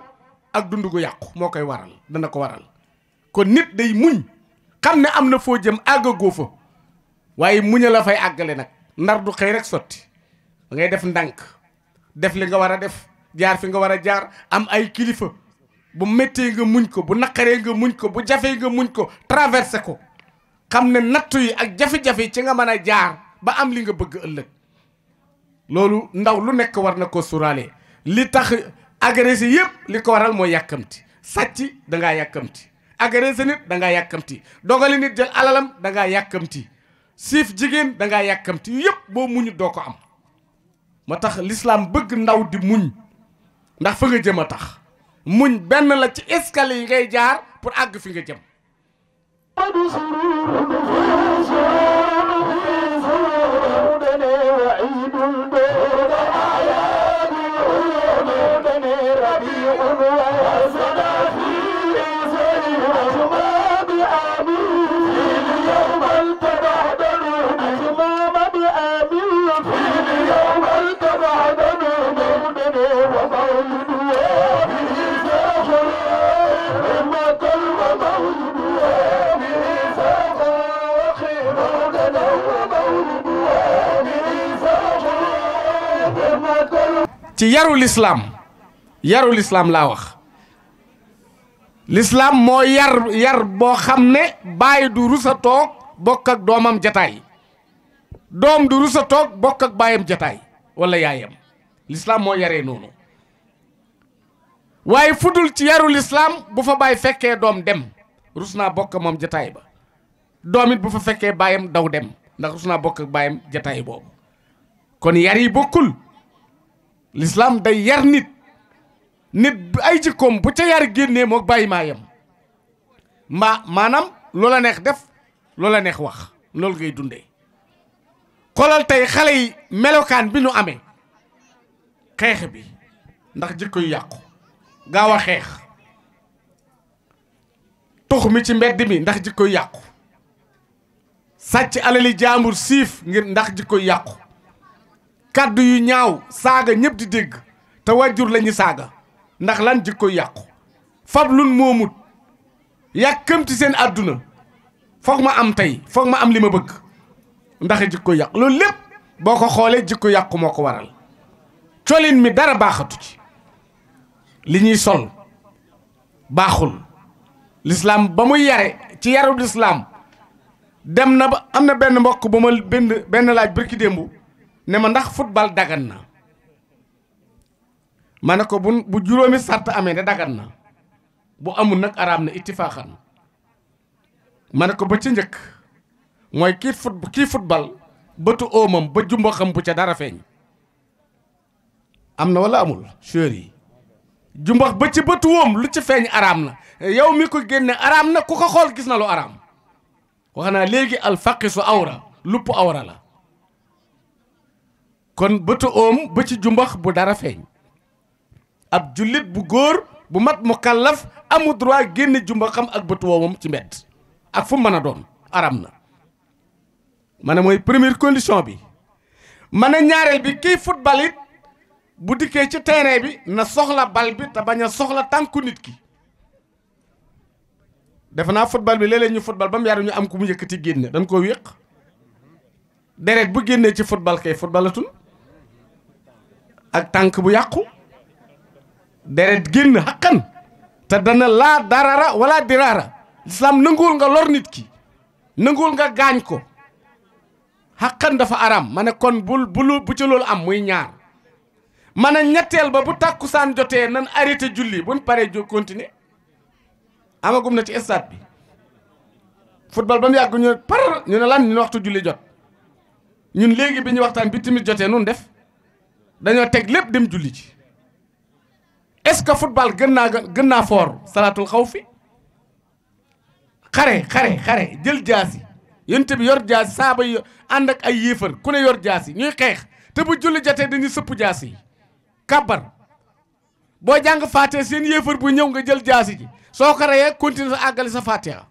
ak dund gu yàqu moo koy waral dana ko waral kon nit day muñ xam ne am na foo jëm àggagoo fa waaye muñ la fay àggale nag ndar du xëy rek sotti dangay def ndànk def li nga war a def jaar fi nga war a jaar am ay kilifa bu méttee nga muñ ko bu naqaree nga muñ ko bu jafee nga muñ ko traversé ko xam ne nattu yi ak jafe-jafe ci nga mën a jaar ba am li nga bëgg ëllëg loolu ndaw lu nekk war na ko suraale li tax agressé yëpp li ko waral mooy yàkkamti sàcc da ngaa yàkkamti agressé nit da ngaa yàkkamti dogali nit jël alalam da yàkkamti siif jigéen da ngaa yàkkamti yëpp boo muñ doo ko am moo tax lislaam bëgg ndaw di muñ ndax fa nga jëm a tax muñ benn la ci escalier yi ngay jaar pour àgg fi nga jëm ci yaru lislaam yaru lislaam laa wax lislaam moo yar yar boo xam ne bàyyi du rusa bokk ak doomam jataay doom du rusa toog bokk ak baayam jataay wala yaayam lislaam moo yare noonu waaye fudul ci yaru lislaam bu fa bàyyi fekkee doom dem rus naa bokk moom jataay ba doomit bu fa fekkee baayam daw dem ndax rus naa bokk ak bàyyam jataay boobu kon yar yi bokkul l'islam day yar nit nit ay jikkoom bu ca yar génnee moo bàyyi maa yem mbaa maanaam loola neex def loola neex wax loolu ngay dundee xoolal tey xale yi melokaan bi ñu amee xeex bi ndax jikko yu yàqu gaaw a xeex tux mi ci mbedd mi ndax jikko yu yàqu sàcc alali jaambur siif ngir ndax jikko yu yàqu kàddu yu ñaaw saaga ñëpp di dégg te wajjur la ñu saaga ndax lan jikko yàqu fab lun moomut yàkkamti seen àdduna foog ma am tey foog ma am li ma bëgg ndax jikko yàqu loolu lépp boo ko xoolee jikko yàqu moo ko waral colin mi dara baaxatu ci li ñuy sol baaxul lislaam ba muy yare ci yarub lislaam dem na ba am na benn mbokk ba ma benn benn laaj bërki ne ma ndax football daggan na ma ne ko bu bu juróomi sart amee ne dagan na bu amul nag araam na ittifaaxan ma ne ko ba ci njëkk mooy kii fut kii football bëtu oomam ba jumba bu ca dara feeñ am na walla amul joueur yi jumbax ba ci bëtu woom lu ci feeñ araam na yow mi ko génne araam na ku ko xool gis na lu araam wax naa léegi alfaqi su awra lupp awra la kon bëtu oom ba ci jumbax bu dara feeñ ab jullit bu góor bu mat mu kàllaf amu droit génne jumbaxam ak bëtu woomam ci mbett ak fu mën a doon aram na ma ne mooy première condition bi ma ne ñaareel bi kii football bu dikkee ci terrain bi na soxla bal bi te bañ soxla tànku nit ki defe naa football bi léeg-léeg ñu football ba mu yaaru ñu am ku mu yëkkati génne dañ koo wéq deret bu génnee ci football kay footballatul tànk bu yàqu deret génn xaqan te dana laa darara wala diraara lislaam nanguwul nga lor nit ki nanguwul nga gaañ ko xaqan dafa araam ma ne kon bul bu ci loolu am muy ñaar ma ne ñetteel ba bu tàkkusaan jotee nan arrêté julli buñ paree jo continuer amagum na ci stade bi football ba mu yàgg ñu par ñu ne lan ñu waxtu julli jot ñun léegi bi ñu waxtaan bi tamit jotee nun def dañoo teg lépp dem julli ci est-ce que football gën naa gën naa foor salaatul xaw fi xare xare xare jël jaasi yonte bi yor jaasi saaba yi ànd ak ay yéefar ku ne yor jaasi ñuy xeex te bu julli jotee dañuy sëpp jaasi yi kàbbar boo jàng faatee seen yéefar buy ñëw nga jël jaasi ji soo ko reyee continue àggale sa faatiha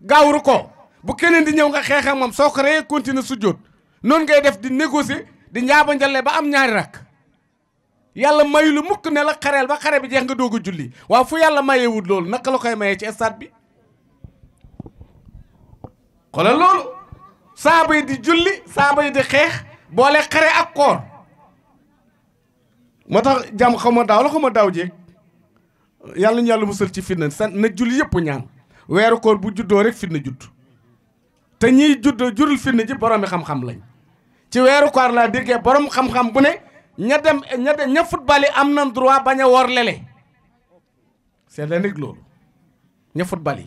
gaawru ko bu keneen di ñëw nga xeex moom soo ko reyee continue su jóot noonu ngay def di négocier di njaaba njalle ba am ñaari rakk yàlla mayu lu mukk ne la xareel ba xare bi jeex nga doog a julli waaw fu yàlla mayewut loolu naka la koy mayee ci stade bi xoolal loolu saaba yi di julli saaba yi di xeex boole xare ak koor moo tax jàmm xaw ma daaw la xaw ma daaw jéeg yàlla ñu yàlla musal ci fitna san na jul yëpp ñaan weeru koor bu juddoo rek fitna judd te ñiy judd jurul fitna ji boroomi xam-xam lañ ci weeru koor laa déggee boroom xam-xam bu ne ña dem ña dem am na droit bañ woor lele c'est léeg loolu ña football yi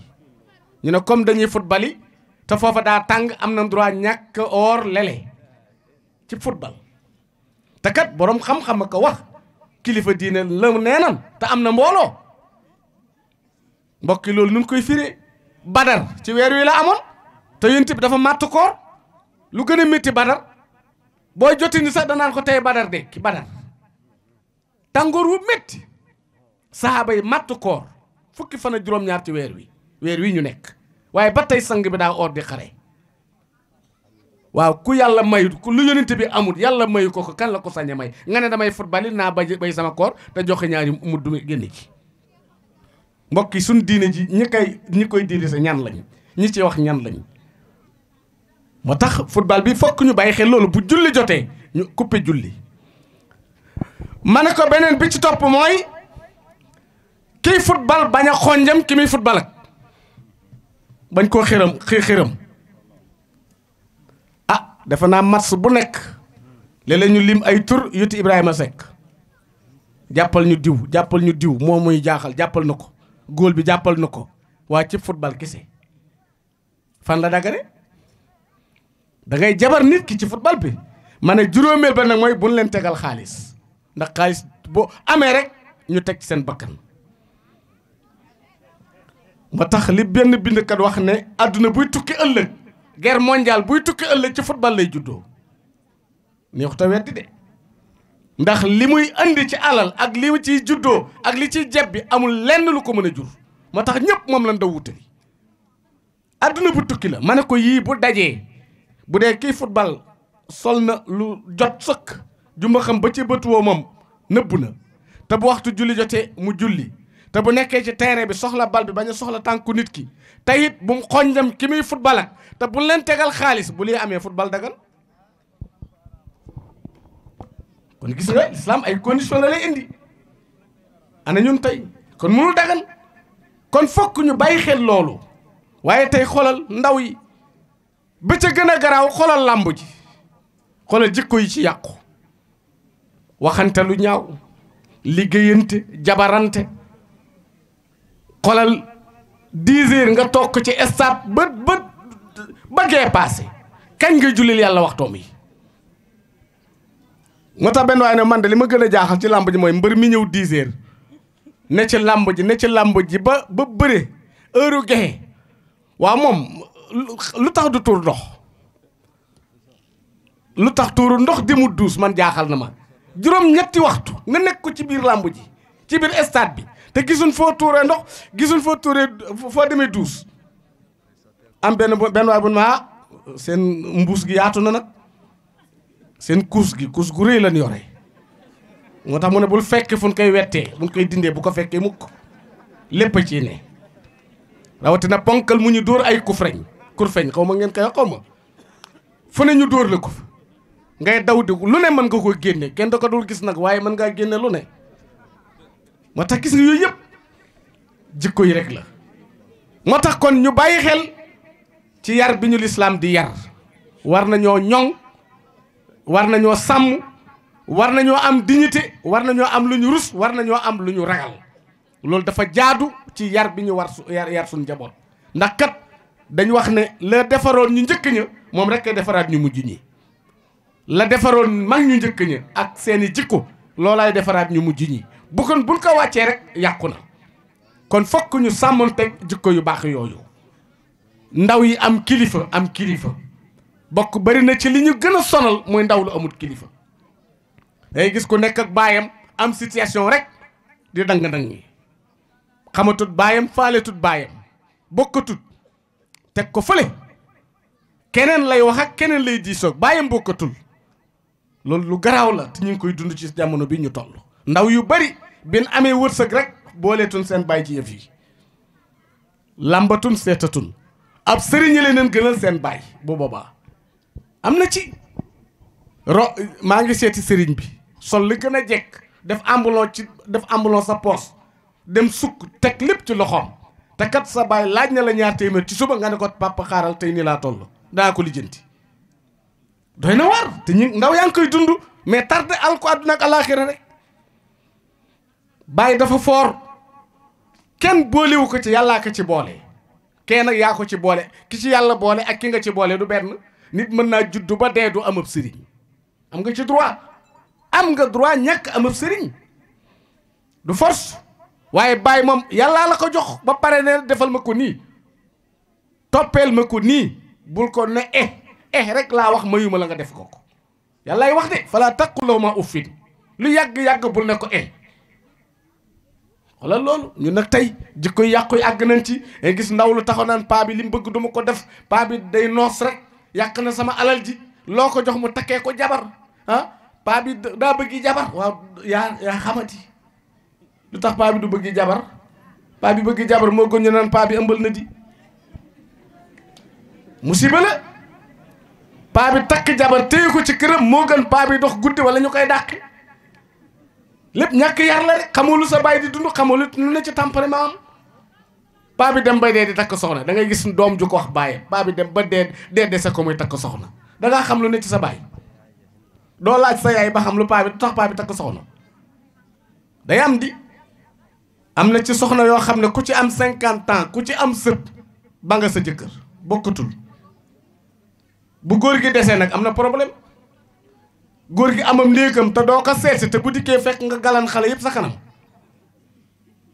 ñu ne comme dañuy football yi te foofa daa tàng am na droit ñàkk woor lele ci football te kat borom xam-xam a ko wax kilifa diine la neenam te am na mbooloo mbokki loolu nun koy firee badar ci weer wi la amoon te yonent bi dafa màtt koor lu gën a mitti badar boo jotini sax danaan ko tey badar de ki badar tàngoor wu métti saaba yi matt koor fukki fan a juróom-ñaar ci weer wi weer wi ñu nekk waaye ba tey sang bi daa oor di xare waaw ku yàlla mayut ku lu yonent bi amul yàlla mayu ko ko kan la ko sañ may nga ne damay football naa ba bay sama koor te joxe ñaari mudd du génn ci mbokk yi suñ diine ji ñi koy ñi koy diine sa ñan lañu ñi ci wax ñan lañu moo tax football bi fokk ñu bàyyi xel loolu bu julli jotee ñu coupé julli ma ne ko beneen bi ci topp mooy kiy football bañ a xonjam ki muy football bañ koo xëram xë xëram ah dafa naa match bu nekk léeg ñu lim ay tur yuti Ibrahima Seck jàppal ñu diw jàppal ñu diw moo muy jaaxal jàppal na ko góor bi jàppal na ko waa ci football kese fan la dagare da ngay jabar nit ki ci football bi ma ne juróomeel ba nag mooy buñ leen tegal xaalis ndax xaalis boo amee rek ñu teg ci seen bakkan ma tax li benn bindkat wax ne àdduna buy tukki ëllëg guerre mondiale buy tukki ëllëg ci football lay juddoo neexu ta weddi de ndax li muy indi ci alal ak li ciy juddoo ak li ciy jeb bi amul lenn lu ko mën a jur moo tax ñëpp moom lañ da wuute àdduna bu tukki la ma ne ko yii bu dajee bu dee kii football sol na lu jot sëkk ju xam ba ci bët woo moom nëbbu na te bu waxtu julli jotee mu julli te bu nekkee ci terrain bi soxla bal bi bañ a soxla tànku nit ki te it bu mu xonjam ki muy football te bu leen tegal xaalis bu liy amee football dagal kon gis nga islam ay condition la lay indi ana ñun tey kon mënul dagan kon fokk ñu bàyyi xel loolu waaye tey xoolal ndaw yi ba ca gën a garaaw xoolal làmb ji xoolal jikko yi ci yàqu waxante lu ñaaw liggéeyante jabarante xoolal dix heures nga toog ci stade ba ba ba gee passé kañ nga jullil yàlla waxtoom yi moo tax benn waaye ne man de li ma gën a jaaxal ci làmb ji mooy mbër mi ñëw dix heures ne ci làmb ji ne ci làmb ji ba bëre heure gexe waaw moom lu tax du tuur ndox lu tax tuuru ndox mu duus man jaaxal na ma juróom ñetti waxtu nga nekk ko ci biir làmb ji ci biir stade bi te gisuñ foo tuuree ndox gisuñ foo tuuree foo demee duus am benn benn waay bu ma ah, seen mbuus gi yaatu na nag seen kuus gi kuus gu rëy lañ yore moo tax mu ne bul fekk fu koy wettee bu ñu koy dindee bu ko fekkee mukk lépp ci ne rawatina ponkal mu ñu dóor ay kufreñ kurfeñ kau mengen ngeen kau xaw fone fu ne ñu dóor la ko ngay daw di lu ne mën nga ko génne kenn da ko dul gis nag waaye mën ngaa génne lu ne tax gis nga yooyu yëpp kon ñu bàyyi xel ci yar bi ñu lislaam di yar war nañoo ñoŋ war nañoo sàmm am dignité war nañoo am lu ñu rus war nañoo am lu ñu ragal loolu dafa jaadu ci yar bi war su yar yar sun njaboot ndax kat dañ wax ne la defaroon ñu njëkk ña moom rek kay defaraat ñu mujj ñi la defaroon mag ñu njëkk ña ak seeni jikko loolaay defaraat ñu mujj ñi bu kon buñ ko wàccee rek yàqu na kon fokk ñu sàmmoon teg jikko yu baax yooyu ndaw yi am kilifa am kilifa bokk bari na ci li ñu gën a sonal mooy ndaw lu amul kilifa day gis ku nekk ak baayam am situation rek di dang-dang yi xamatut baayam faale tut baayam bokkatut teg ko fële keneen lay wax ak keneen lay diisoog bàyyam bokkatul loolu lu garaaw la te ñu ngi koy dund ci jamono bi ñu toll ndaw yu bari bin amee wërsëg rek booleetul seen bàyyi ci yëf yi làmbatun seetatun ab sëriñ leneen gënal seen bàyyi bu boobaa am na ci ro maa ngi seeti sëriñ bi sol li gën a jekk def ambulance ci def ambulance sa poos dem sukk teg lépp ci loxoom te kat sa bay laaj na la ñaar téeméer ci suba nga ne ko papa xaaral tey ni la toll da ko lijeenti doy na war te ñi ndaw yang koy dundu mais tardé al ko àdduna ak alaxira rek bay dafa ken boole wu ko ci yalla ka ci boole ken nag ya ko ci boole ki ci yalla boole ak ki nga ci boole du ben nit mën na juddu ba am ab sëriñ am nga ci droit am nga droit ñak am ab du force waaye baay moom yàllaa la ko jox ba pare ne defal ma ko nii toppeel ma ko nii bul ko ne eh eh rek laa wax mayuma la nga def ko ko yàllaay wax de falaa taquloo ma uffin lu yàgg-yàgg bul ne ko eh xoolal loolu ñu nag tey jikko yàqu yi àgg nañ ci gis ndaw lu taxaw naan paa bi li mu bëgg duma ko def paa day noos rek yàq na sama alal ji loo ko jox mu takkee ko jabar ah paa bi daa bëggi jabar waaw yaa xamati lu tax paa bi du bëgg jabar paa bi bëgg jabar moo gën ñu naan paa bi ëmbal na di musiba la paa bi takk jabar téye ko ci këram moo gën paa bi dox guddi wala ñu koy dàq lépp ñàkk yar la rek xamoo lu sa baay di dund xamoo lu ne ci tempérament am paa bi dem ba dee di takk soxna da ngay gis doom ju ko wax bàyyi paa bi dem ba dee dee dese ko muy takk soxna da xam lu ne ci sa bàyyi doo laaj sa yaay ba xam lu paa bi tax paa bi takk soxna day am di. am na ci soxna yoo xam ne ku ci am cinquante ans ku ci am sët ba nga sa jëkkër bokkatul bu góor gi desee nag am na problème góor gi amam néegam te doo ko seetsi te bu dikkee fekk nga galan xale yëpp sa kanam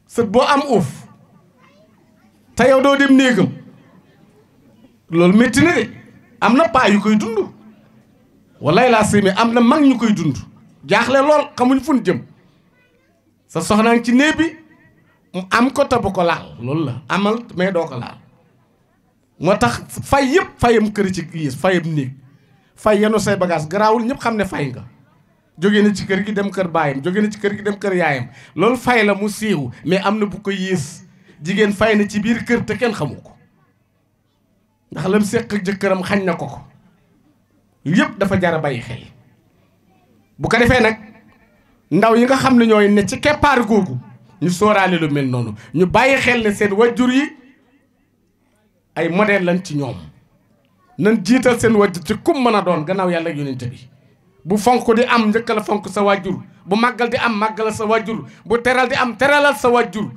sët boo am uuf te yow doo dem néegam loolu métti na am na paa yu koy dund wallaay laa sémi am na mag ñu koy dund jaaxle lool xamuñ fun jëm sa soxnaa ci néeg bi am ko te bu ko laal. loolu la amal mais doo ko laal. moo tax fay yëpp fayam kër ci yées fayam néeg fay yenu say bagage garaawul ñëpp xam ne fay nga. jóge na ci kër gi dem kër baayam jóge na ci kër gi dem kër yaayam loolu fay la mu siiw mais am na bu ko yées jigéen fay na ci biir kër te kenn xamu ko ndax lam seq jëkkëram xañ na ko ko yëpp dafa jar a bàyyi xel bu ko defee nag ndaw yi nga xam ne ñooy ne ci keppaar googu. ñu sooraale lu mel noonu ñu bàyyi xel ne seen wajjur yi ay modèle lañ ci ñoom nan jiital seen wajjur ci kum mën a doon gannaaw yàlla ak yonente bi bu fonk di am njëkkal fonk sa wajjur bu màggal di am màggalal sa wajjur bu teral di am teralal sa wajjur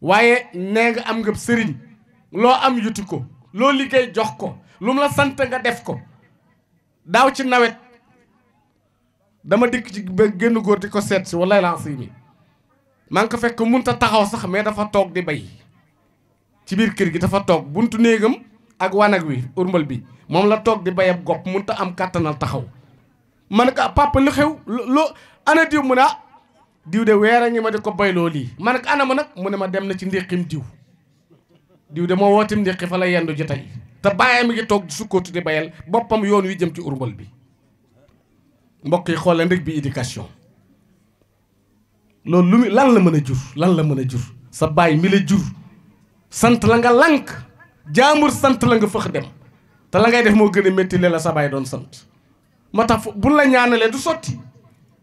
waaye nee nga am nga sëriñ loo am yuti ko loo liggéey jox ko lu mu la sant nga def ko daaw ci nawet dama dikk ci génn góor di ko seet si wallaay lancé mi maa ngi ko fekk ta taxaw sax mais dafa toog di bay ci biir kër gi dafa toog buntu néegam ak wanag wi urmbal bi moom la toog di bay ab gopp munta am kàttanal taxaw man ko ah, papa lu xew loo ana diw mu ne ah diw de weer a ngi ma di ko bayloo lii man ko ana ma nag mu ne ma dem na ci ndéqim diw diw de moo wootim ndéqi fa la yendu ji tey te bàyyee mi ngi toog di sukkootu di bayal boppam yoon wi jëm ci urmbal bi mbokk yi xoolee ndeg bi éducation loolu lu mu lan la mën a jur lan la mën a jur sa baay mi la jur sant la nga lànk jaamur sant la nga fëx dem te la ngay def moo gën a métti la sa baay doon sant moo tax bu la ñaanalee du sotti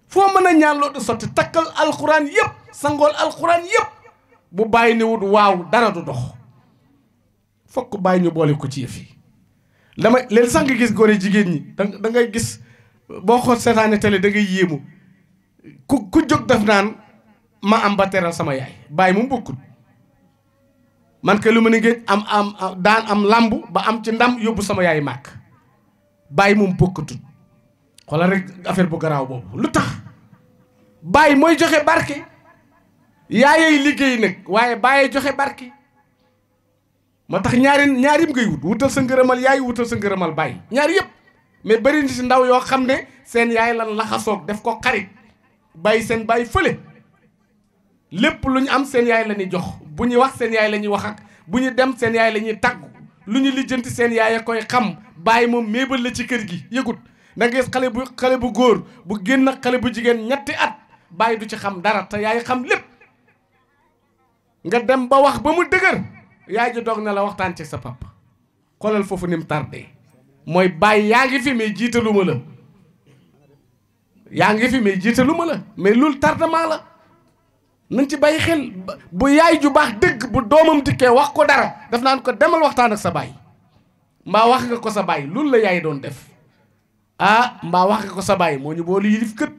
foo mën a ñaan loo du sotti takkal alxuraan yëpp sangool alxuraan yëpp bu bàyyi ne wut waaw dara du dox fokk bàyyi ñu boole ko ci yëf yi dama leen sa nga gis góor jigéen ñi da ngay gis boo xool seetaane télé da yéemu ku ku jóg def naan ma am ba teral sama yaay bàyyi mu bokkut man ke lu ma ne ngeen am am daan am làmb ba am ci ndam yóbbu sama yaay màkk bàyyi moom bokkatut xoolal rek affaire bu garaaw boobu lu tax bàyyi mooy joxe barke yaayay liggéey nag waaye bàyyee joxe barke moo tax ñaari ñaarim ngay wut wutal sa ngërëmal yaay wutal sa ngërëmal bàyyi ñaari yëpp mais bëri na si ndaw yoo xam ne seen yaay lan laxasoog def ko xarit bàyyi seen bàyyi fële lépp lu ñu am seen yaay la ñuy jox bu ñuy wax seen yaay la ñuy wax ak bu ñu dem seen yaay la ñuy tàggu lu ñu lijjanti seen yaay a koy xam bàyyi moom méebal la ci kër gi yëgut da nga gis xale bu xale bu góor bu génn xale bu jigéen ñetti at bàyyi du ci xam dara te yaay xam lépp nga dem ba wax ba mu dëgër yaay ji doog na la waxtaan ci sa papa xoolal foofu ni mu tardé mooy bàyyi yaa ngi fi mais jiitaluma la yaa ngi fi mais jiitaluma la mais loolu tardement la nañ ci bàyyi xel bu yaay ju baax dëgg bu doomam dikkee wax ko dara daf naan ko demal waxtaan ak sa baay mbaa wax nga ko sa baay loolu la yaay doon def ah mbaa wax ko sa baay moo ñu boolu yilif kët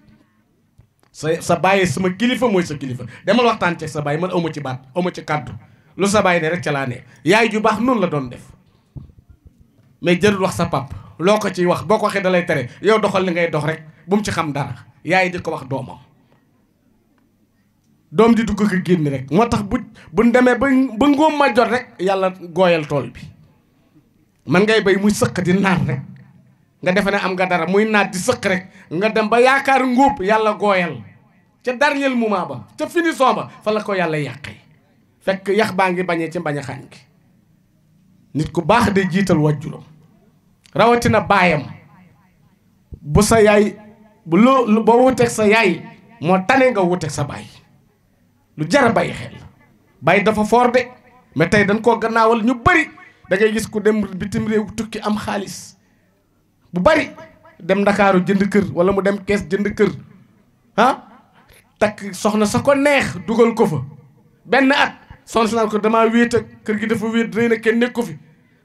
sa sa baay sama kilifa mooy sa kilifa demal waxtaan ci sa baay man awma ci baat awma ci kàddu lu sa baay de rek ca laa ne yaay ju baax noonu la doon def mais jërul wax sa papp loo ko ciy wax boo ko waxee da tere yow doxal li ngay dox rek bu mu ci xam dara yaay di ko wax doomam dom di dugg ko genn rek motax bu bu buñ demee ba ba ma jot rek yalla goyal tol bi man ngay bay muy sekk di nar rek nga defane am nga dara muy nat di sekk rek nga dem ba yaakaar ngóob yalla goyal ci dernier moment ba ci finition ba fa la ko yalla yàqee fekk yax baa ngi ci baña a nit ku bax de wajuro rawati rawatina bayam, bu sa yaay bu lo bo wutek sa yaay mo tane nga wutek sa baye lu jar a bàyyi xel bàyyi dafa foor de mais tey dañ koo gannaawal ñu bari da gis ku dem bitim réew tukki am xaalis bu bari dem ndakaaru jënd kër wala mu dem kees jënd kër ah takk soxna sa ko neex dugal ko fa benn at soxna si ko damaa wéet kër gi dafa wéet rëy na kenn nekku fi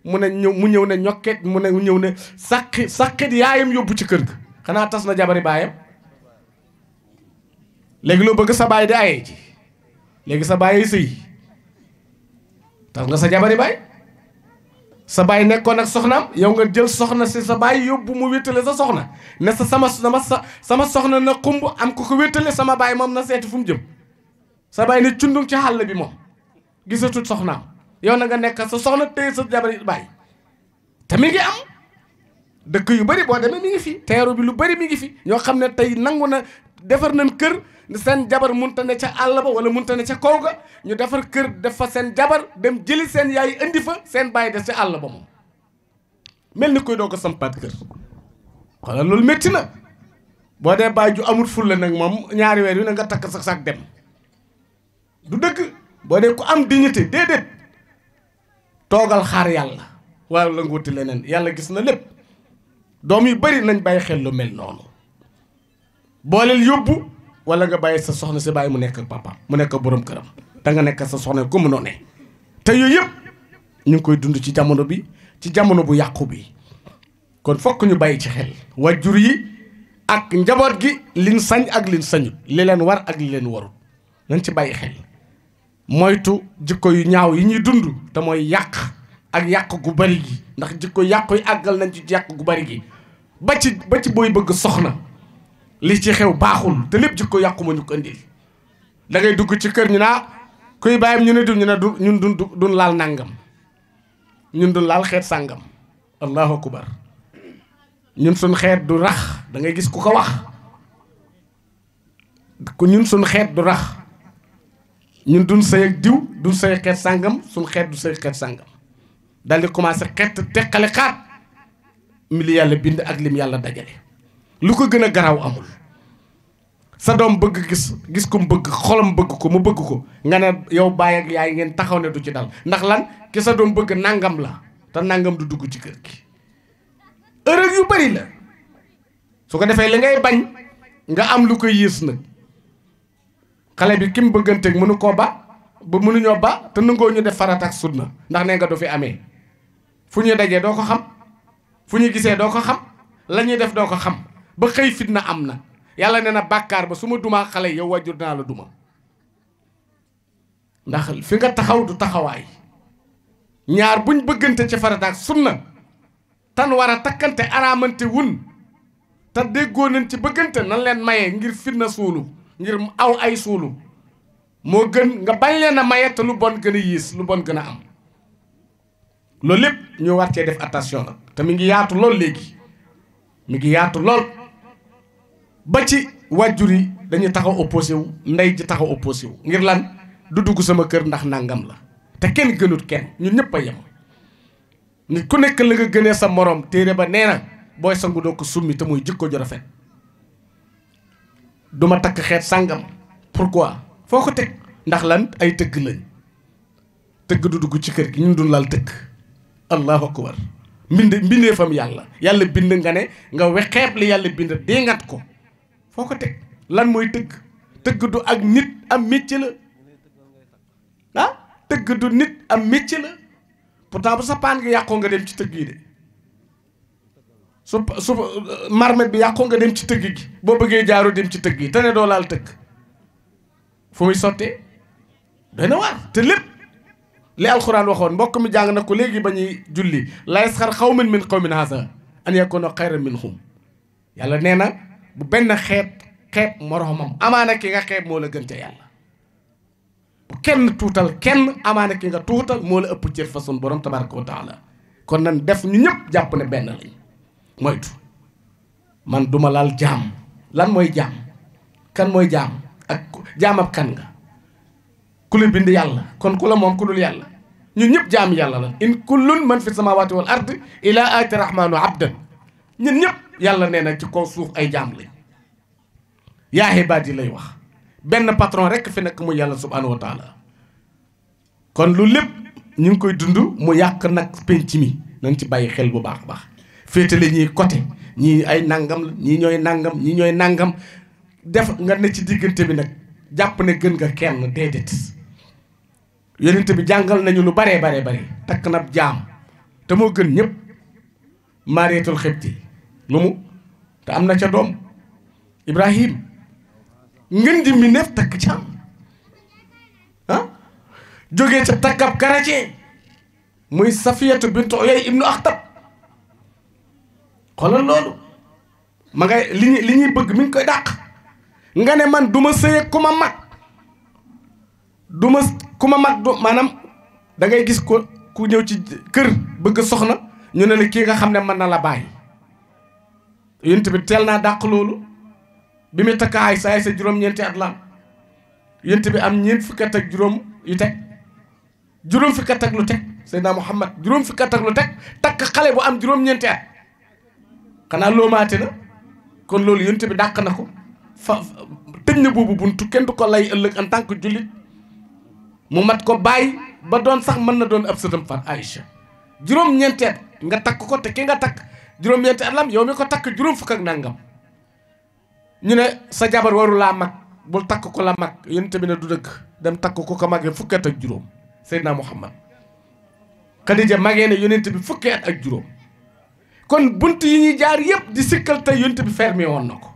mu ne ñëw mu ñëw ne ñokket mu ne mu ñëw ne sàqi sàqit yaayam yóbbu ci kër gi xanaa tas na jabari baayam léegi loo bëgg sa baay di ayee ji léegi sa bàyyi sëy tax na sa jabari baay sa baay nekkoon ak soxnaam yow nga jël soxna si sa baay yóbbu mu wéttale sa soxna ne sa sama sama sama soxna na xumb am ko ko wéttale sama baay moom na seeti fu mu jëm sa baay ne cundum ci xàll bi moom gisatut soxnaam yow na nga nekk sa soxna téye sa jabari baay te mi ngi am dëkk yu bari boo demee mi ngi fi teeru bi lu bari mi ngi fi ñoo xam ne tey nangu na defar nañ kër seen jabar munta ne ca àll ba wala munta ne ca kaw ga ñu defar kër def seen jabar dem jëli seen yaay indi fa seen bàyyi des ca àll ba moom mel ni koy doo ko sampaat kër xoolal loolu métti na boo dee bàyyi ju amul fulla nag moom ñaari weer yu ne nga takk sax sax dem du dëgg boo dee ko am dignité déedéet toogal xaar yàlla waaw la nga wuti leneen yàlla gis na lépp doom yi bari nañ bàyyi xel lu mel noonu booleel yóbbu wala nga bàyyi sa soxna si bàyyi mu nekk papa mu nekk borom këram da nga nekk sa soxna ku mënoo ne te yooyu yëpp ñu ngi koy dund ci jamono bi ci jamono bu yàqu bi kon fokk ñu bàyyi ci xel jur yi ak njaboot gi liñ sañ ak liñ sañut li leen war ak li leen warut nañ ci bàyyi xel moytu jikko yu ñaaw yi ñuy dund te mooy yàq ak yàq gu bari gi ndax jikko yàqu yi àggal nañ ci yàq gu bari gi ba ci ba ci booy bëgg soxna li ci xew baaxul te lépp jikko yàqu ma ñu ko indil da ngay dugg ci kër ñu naa kuy bàyyam ñu ne du ñu ne du ñun du dun laal nàngam ñun du laal xeet sàngam allahu akbar ñun suñ xeet du rax da ngay gis ku ko wax ku ñun suñ xeet du rax ñun dun sëy ak diw dun sëy xeet sàngam suñ xeet du sëy xeet sàngam dal di commencé xeet teqale xaat mi yàlla bind ak lim yàlla dajale lu ko gën a garaaw amul sa doom bëgg gis gis ko mu bëgg xolam bëgg ko mu bëgg ko nga ne yow baay ak yaay ngeen taxaw ne du ci dal ndax lan ki sa doom bëgg nangam la te nangam du dugg ci kër gi erreur yu bari la su ko defee li ngay bañ nga am lu ko yées nag xale bi ki mu mënu koo ba ba mënuñoo ba te nangoo ñu def farata ak na ndax nee nga du fi amee fu ñuy dajee doo ko xam fu ñu gisee doo ko xam lañuy def doo ko xam ba xëy fitna am na yàlla nee na bàkkaar ba suma ma xale yow wajur naa la duma ndax fi nga taxaw du taxawaay ñaar buñ bëggante ci farataak na tan war a takkante araamante wun te déggoo nañ ci bëggante nan leen maye ngir fitna suulu ngir aw ay suulu moo gën nga bañ leen a maye te lu bon gën a yiis lu bon gën a am loolu lépp ñu war cee def attention la te mi ngi yaatu lool léegi mi ngi yaatu lool ba ci wajuri dañu taxaw opposé wu nday ji taxaw opposé wu ngir lan du dugg sama kër ndax nangam la te kenn gënut kenn ñun ñëpp a yem ni ku nekk la nga gënee sa morom téere ba nee na booy sangu doo ko summi te muy jikko jara rafet duma takk xeet sàngam pourquoi foo ko teg ndax lan ay tëgg lañ tëgg du dugg ci kër gi ñun duñ laal tëgg allahu akbar mbinde mbindeefam yàlla yàlla bind nga ne nga wexeeb li yàlla bind ko foo ko teg lan mooy tëgg tëgg du ak nit am métier la ah tëgg du nit am métier la pourtant bu sa paan nga yàqoo nga dem ci tëgg yi de su su euh, marmet bi yàqoo nga dem ci tëgg gi boo bëggee jaaroo dem ci tëgg yi te ne doo laal tëgg fu muy sottee doy na waar te lépp li alxuraan waxoon mbokk mi jàng na ko léegi ba ñuy julli la yasxar xawmin min qawmin haasa an yakuna xayran minhum yàlla nee na bu benn xeet xeeb moroomam amaana ki nga xeet moo la gën ca yàlla bu kenn tuutal kenn amaana ki nga tuutal moo la ëpp cër façon sun borom tabaraka wa taala kon nan def ñu ñëpp jàpp ne benn lañ moytu man duma laal jaam lan mooy jaam kan mooy jaam ak jaamab kan nga ku la bind yàlla kon ku la moom ku dul yàlla ñun ñëpp jaam yàlla la in kullun man fi samawati wal ard ila aati rahmanu abdan ñun ñëpp yàlla nee na ci kaw suuf ay jaam lañ yaa ibaad yi lay wax benn patron rek fi nekk muy yàlla subhaanahu wa taala kon lu lépp ñu ngi koy dund mu yàq nag penc mi nañ ci bàyyi xel bu baax a baax féetale ñii côté ñii ay nangam ñii ñooy nangam ñii ñooy nangam def nga ne ci diggante bi nag jàpp ne gën nga kenn déedéet yonent bi jàngal nañu lu baree baree bare takk nab jaam te moo gën ñëpp maareetul xibti Lumu, mu te ca dom ibrahim ngeen di mi neef ca am ah ca takap karaje muy safiyatu bintu oyay ibnu axtab xoolal lolu ma ngay li ñuy bëgg mi ngi koy dakk nga ne man duma seye kuma ku ma mag du do mag da ngay gis ko ku ñew ci kër bëgg soxna ñu ne la nga xamne man na la yonent bi teel naa dàq loolu bi muy takk ay sa ay sa juróom-ñeenti at la am bi am ñeent fukki at ak juróom yu teg juróom fukki at ak lu teg Seydina Muhammad juróom fukki at ak lu teg takk xale bu am juróom-ñeenti at xanaa loomaate na kon loolu yonent bi dàq na ko fa tëj na boobu buntu kenn du ko lay ëllëg en tant que jullit mu mat ko bàyyi ba doon sax mën na doon ab sëtam far Aïcha juróom-ñeenti at nga takk ko te ki nga takk juróom-ñeenti at lam yow mi ko takk juróom fukk ak nangam ñu ne sa jabar waru laa mag bul takk ko la mag yéen bi ne du dëkk dem takk ko ko magee fukki at ak juróom Seydina Muhammad Xadija magee ne yonent bi fukki at ak juróom kon bunt yi ñuy jaar yëpp di sikkal tey yonent bi fermé woon na ko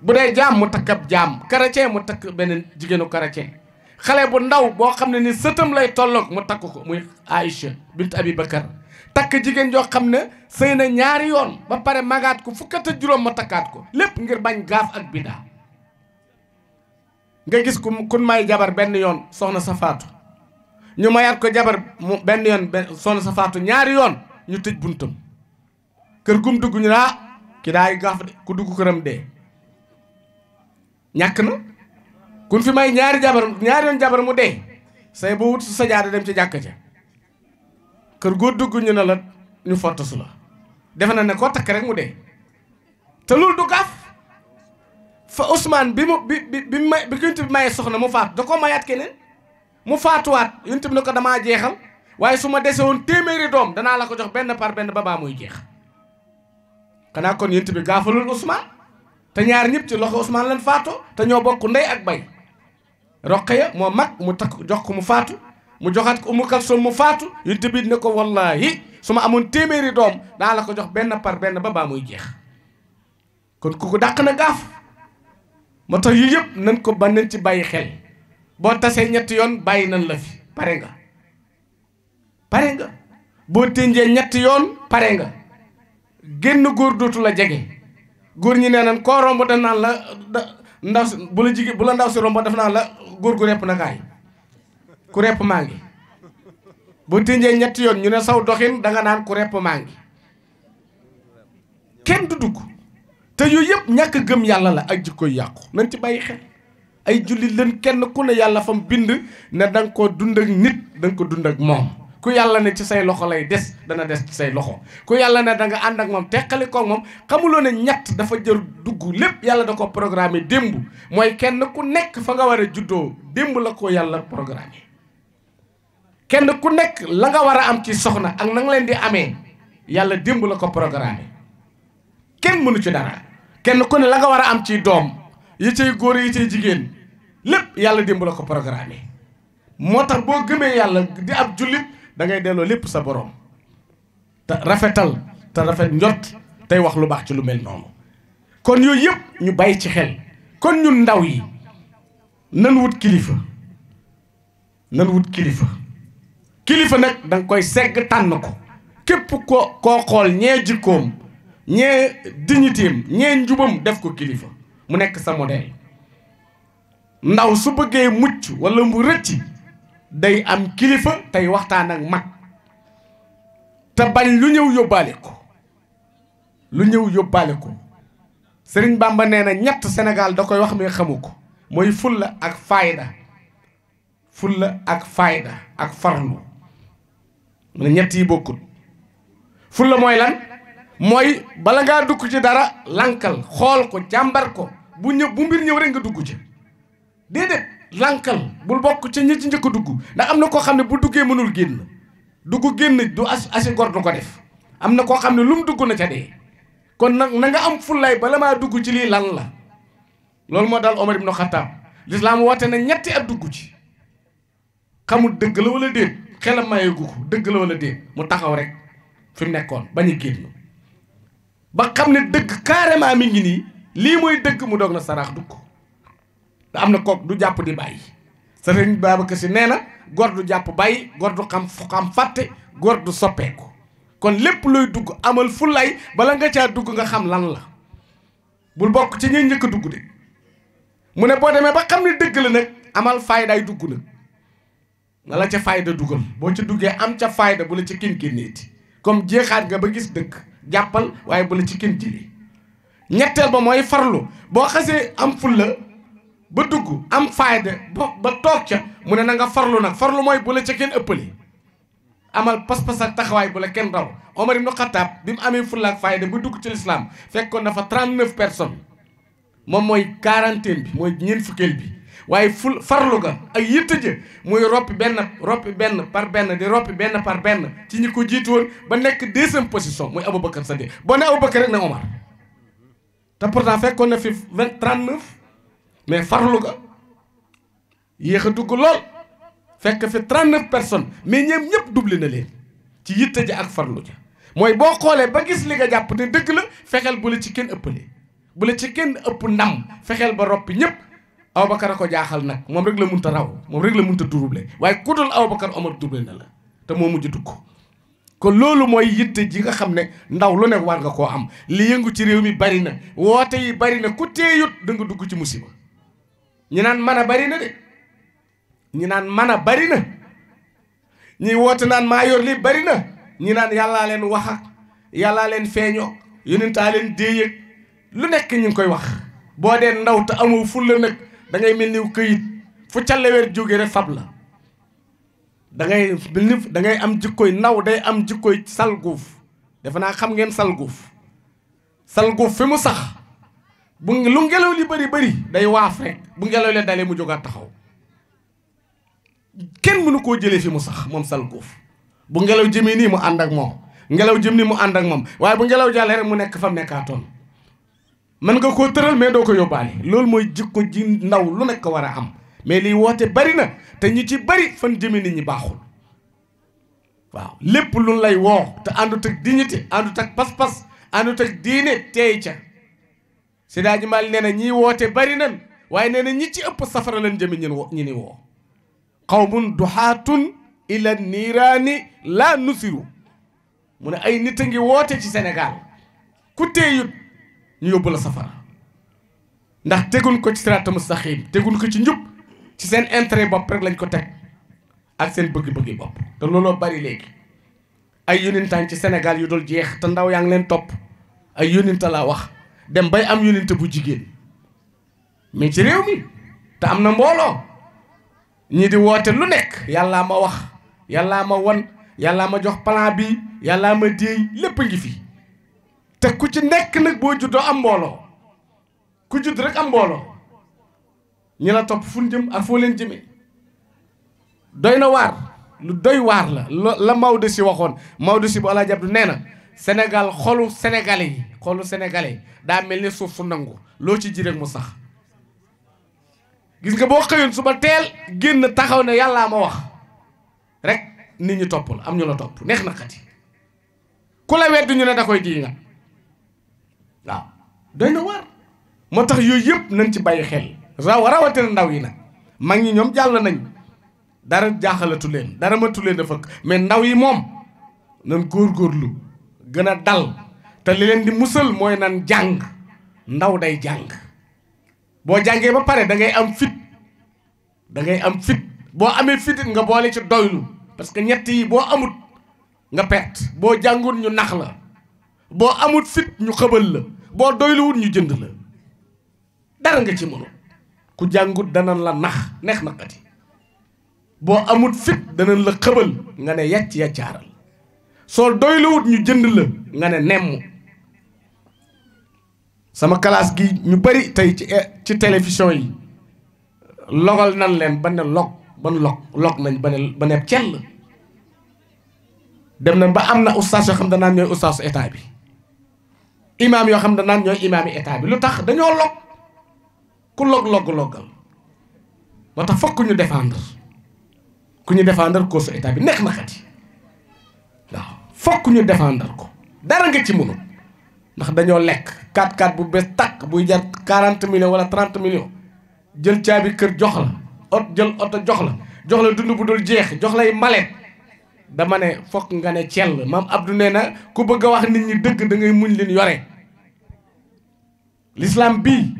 bu dee jaam mu takk ab jaam chrétien mu takk beneen jigéenu chrétien xale bu ndaw boo xam ne ni sëtam lay tolloog mu takk ko muy Aïcha bint Abi takk jigéen joo xam ne sëy na ñaari yoon ba pare magaat ko fukkat juróom ma takkaat ko lépp ngir bañ gaaf ak biddaa nga gis ku kun may jabar benn yoon soxna sa faatu ñu mayaat ko jabar mu benn yoon soxna sa faatu ñaari yoon ñu tëj buntam kër gum dugg ñu naa ah, ki daay gaaf de ku dugg këram dee ñàkk na kun fi may ñaari jabar ñaari yoon jabar mu dee say boo wut sa jaada dem ca jàkk ca kër goo dugg ñu ne la ñu fottasu la defe na ne koo takk rek mu dee te loolu du gaaf fa Ousmane bi mu bi bi bi ma bi yonent bi mayee soxna mu faatu da koo mayaat keneen mu faatuwaat yonent bi ne ko damaa jeexal waaye su ma dese woon téeméeri doom danaa la ko jox benn par benn ba baa muy jeex xanaa kon yonent bi gaafalul Ousmane te ñaar ñëpp ci loxo Ousmane lan faatoo te ñoo bokk ndey ak bay roqe ya moo mag mu takk jox ko mu faatu mu joxaat ko Umu Kalsum mu faatu yonent bi ne ko wallaahi su ma amoon téeméeri doom daa la ko jox benn par benn ba baa muy jeex kon ku ko dàq na gaaf moo tax yii yëpp nañ ko ba nañ ci bàyyi xel boo tasee ñetti yoon bàyyi nañ la fi pare nga pare nga boo tënjee ñetti yoon pare nga génn góor dootu la jege góor ñi nee nañ koo romb da naan la da ndaw bu la jigéen bu la ndaw si romb daf naan la góor gu repp na kaay ku repp maa ngi bu tinjee ñetti yoon ñu ne saw doxin danga naan ku repp maa ngi kenn du dugg te yooyu yëpp ñàkk gëm yàlla la ak jikko yàqu nañ ci bàyyi xel ay jullit leen kenn ku ne yàlla fam bind ne danga ko dund ak nit danga ko dund ak moom ku yàlla ne ci say loxo lay des dana des ci say loxo ku yàlla na danga ànd ak moom teqali koog moom xamuloo ne ñett dafa jël dugg lépp yàlla da ko programme démb mooy kenn ku nekk fa nga war a juddoo démb ko yàlla programme kenn ku nekk la nga war a am ci soxna ak na nga leen di amee yàlla démb la ko programme kenn mënu ci dara kenn ku ne la nga war a am ci doom yi cay góor yi cay jigéen lépp yàlla démb la ko programme moo tax boo gëmee yàlla di ab jullit da ngay delloo lépp sa borom te rafetal te rafet njot tey wax lu baax ci lu mel noonu kon yooyu yëpp ñu bàyyi ci xel kon ñun ndaw yi nan wut kilifa nan wut kilifa kilifa nag danga koy segg tànn ko képp ko koo xool ñee jikkoom ñee dignitéem ñee njubam def ko kilifa mu nekk sa modèle ndaw su bëggee mucc walla mu rëcci day am kilifa tey waxtaan ak mag te bañ lu ñëw yóbbaale ko lu ñëw yóbbaale ko Sëriñ Bamba nee na ñett senegal da koy wax mais xamu ko mooy fulla ak fayda fulla ak fayda ak farlu mu ne ñett yi bokkut fulla mooy lan mooy bala ngaa dugg ci dara lankal xool ko jàmbar ko bu ñëw bu mbir ñëw rek nga dugg ci déedéet lankal bul bokk ca ñi ci njëkk a dugg ndax am na koo xam ne bu duggee mënul génn dugg génn du as asi gor du ko def am na koo xam ne lu mu dugg na ca dee kon nag na nga am fullaay bala maa dugg ci lii lan la loolu moo daal Omar ibn Khattab lislaam woote na ñetti at dugg ci xamul dëgg la wala déet xelam mayeegu ko dëgg la wala déet mu taxaw rek fi nekkoon bañ a génn ba xam ne dëgg carrément mi ngi nii lii mooy dëgg mu doog na saraax dugg da am na kook du jàpp di bàyyi sëriñ Babacar Si nee na góor du jàpp bàyyi góor du xam xam fàtte góor du soppeeku kon lépp looy dugg amal fulay bala nga caa dugg nga xam lan la bul bokk ci ñuy njëkk dugg de mu ne boo demee ba xam ne dëgg la nag amal faydaay dugg nag nga la ca fayda dugal boo ca duggee am ca faayda bu la ca kin kin niiti comme jeexaat nga ba gis dëkk jàppal waaye bu la ci kenn jili ñetteel ba mooy farlu boo xasee am fulla ba dugg am fayda ba ba toog ca mu ne na nga farlu nag farlu mooy bu la ca kenn ëppali amal pas-pas ak taxawaay bu la kenn raw Omar ibn Khattab bi mu amee fulla ak fayda ba dugg ci lislaam fekkoon na fa 39 personnes moom mooy quarantaine bi mooy ñeent fukkeel bi waaye ful farlu ga ak yitte ji muy roppi benn roppi benn par benn di roppi benn par benn ci ñi ko jiitu ba nekk deuxième position muy Aboubacar Sadiq boo ne Aboubacar rek ne Omar te pourtant fekkoon na fi vingt trente neuf mais farlu ga yéex a dugg lool fekk fi trente personnes mais ñoom ñëpp doublé na leen ci yitte ji ak farlu ja mooy boo xoolee ba gis li nga jàpp ne dëgg la fexeel bu la ci kenn ëpp ëppale bu la ci kenn ëpp ndam fexeel ba roppi ñëpp Aboubacar a ko jaaxal nag moom rek la munta raw moom rek la munta duruble waaye ku dul Aboubacar Omar duruble na la te moo mujj dugg kon loolu mooy yitte ji nga xam ne ndaw lu nekk war nga koo am li yëngu ci réew mi bari na woote yi bari na ku teeyut danga dugg ci musiba ñi naan man a bari na de ñi naan man a bari na ñi woote naan maa yor lii bari na ñi naan yàllaa leen wax ak yàllaa leen feeñoo yonentaa leen déeyëg lu nekk ñu ngi koy wax boo dee ndaw te amoo fulla nag da ngay mel ni këyit fu calleweer jóge rek fab la dangay ngay ni da ngay am jikkoy naw day am sal salguuf defe naa xam ngeen sal sal salguuf fi mu sax bu lu ngelaw li bëri bari day waaf rek bu ngelaw li dalee mu jógaat taxaw kenn mënu koo jëlee fi mu sax moom salguuf bu ngelaw jëmee nii mu ànd ak moom ngelaw jëm nii mu ànd ak moom waaye bu ngelaw jàllee rek mu nekk fa mu nekkaatoon mën nga koo tëral doo ko yóbbaale loolu mooy jikko ji ndaw lu nekk war a am mais liy woote bari na te ñu ci bari fan jëme nit ñi baaxul waaw lépp lu lay woo te àndut ak dignité àndut ak pas-pas àndut ak diine teey ca si daa ji nee na ñiy woote bari nan waaye nee na ñi ci ëpp safara lan jëme ñin ñi ni woo qawmun duhaatun ila niiraani laa nusiru mu ne ay nit a ngi woote ci Sénégal ku teeyut ñu yobbu la safara ndax teguñ ko ci siraata mustaqim teguñ ko ci njub ci seen intérêt bop rek lañ ko tek ak seen bëgg bëgg bop te lolo bari léegi ay yónintaan ci Sénégal yu dul jeex te ndaw yaang leen top ay la wax dem bay am yóninta bu jigéen mais ci rew mi te amna mbolo ñi di wote lu nekk yalla ma wax yalla ma won yalla ma jox plan bi yalla ma lepp ngi fi te ku ci nekk nag boo juddoo am mbooloo ku judd rek am mbooloo ñi la topp fu ñu jëm ak foo leen jëmee doy na waar lu doy waar la la Maodo si waxoon Maodo si bu Alaaji Abdu nee na senegal xolu sénégalais yi xolu sénégalais yi daa mel ni suuf su nangu loo ci ji mu sax gis nga boo xëyoon suba teel génn taxaw ne yàllaa ma wax rek nit ñi topp la am ñu la topp neex na xati ku la weddu ñu ne da koy dii nga waaw doy na waar moo tax yooyu yëpp nañ ci bàyyi xel raw rawatina ndaw yi nag mag ñi ñoom jàll nañu dara jaaxalatu leen dara matu leen a fëkk mais ndaw yi moom nan góorlu gën a dal te li leen di musal mooy nan jàng ndaw day jàng boo jàngee ba pare dangay am fit da ngay am fit boo amee fitt nga boole ci doylu parce que ñett yi boo amut nga perte boo jàngut ñu nax la boo amul fit ñu xëbal la boo doyluwul ñu jënd la dara nga ci mënu ku jàngut danañ la nax neex naqati boo amut fit dana la xëbal nga ne yàcc yàccaaral soo doyluwut ñu jënd la nga ne nemm sama kalaas gi ñu bari tey ci ci télévision yi logal nan leen ba ne ba ban log log nañ ba ne ba ne cell dem na ba am na ustaas yoo xam danaa ñooy ustaasu état bi imaam yoo xam ne naan ñooy imaam yi état bi lu tax dañoo log ku log log loggal moo tax fokk ñu défendre ku ñu défendre ko su état bi neex na xati waaw fokk ñu défendre ko dara nga ci mënul ndax dañoo lekk 4-4 bu bees tàkk buy jar 40 millions wala 30 millions jël caabi kër jox la ot jël oto jox la jox la dund bu dul jeex jox lay malet dama ne fokk nga ne cell maam Abdou nee na ku bëgg wax nit ñi dëgg da ngay muñ leen yore l'islam bii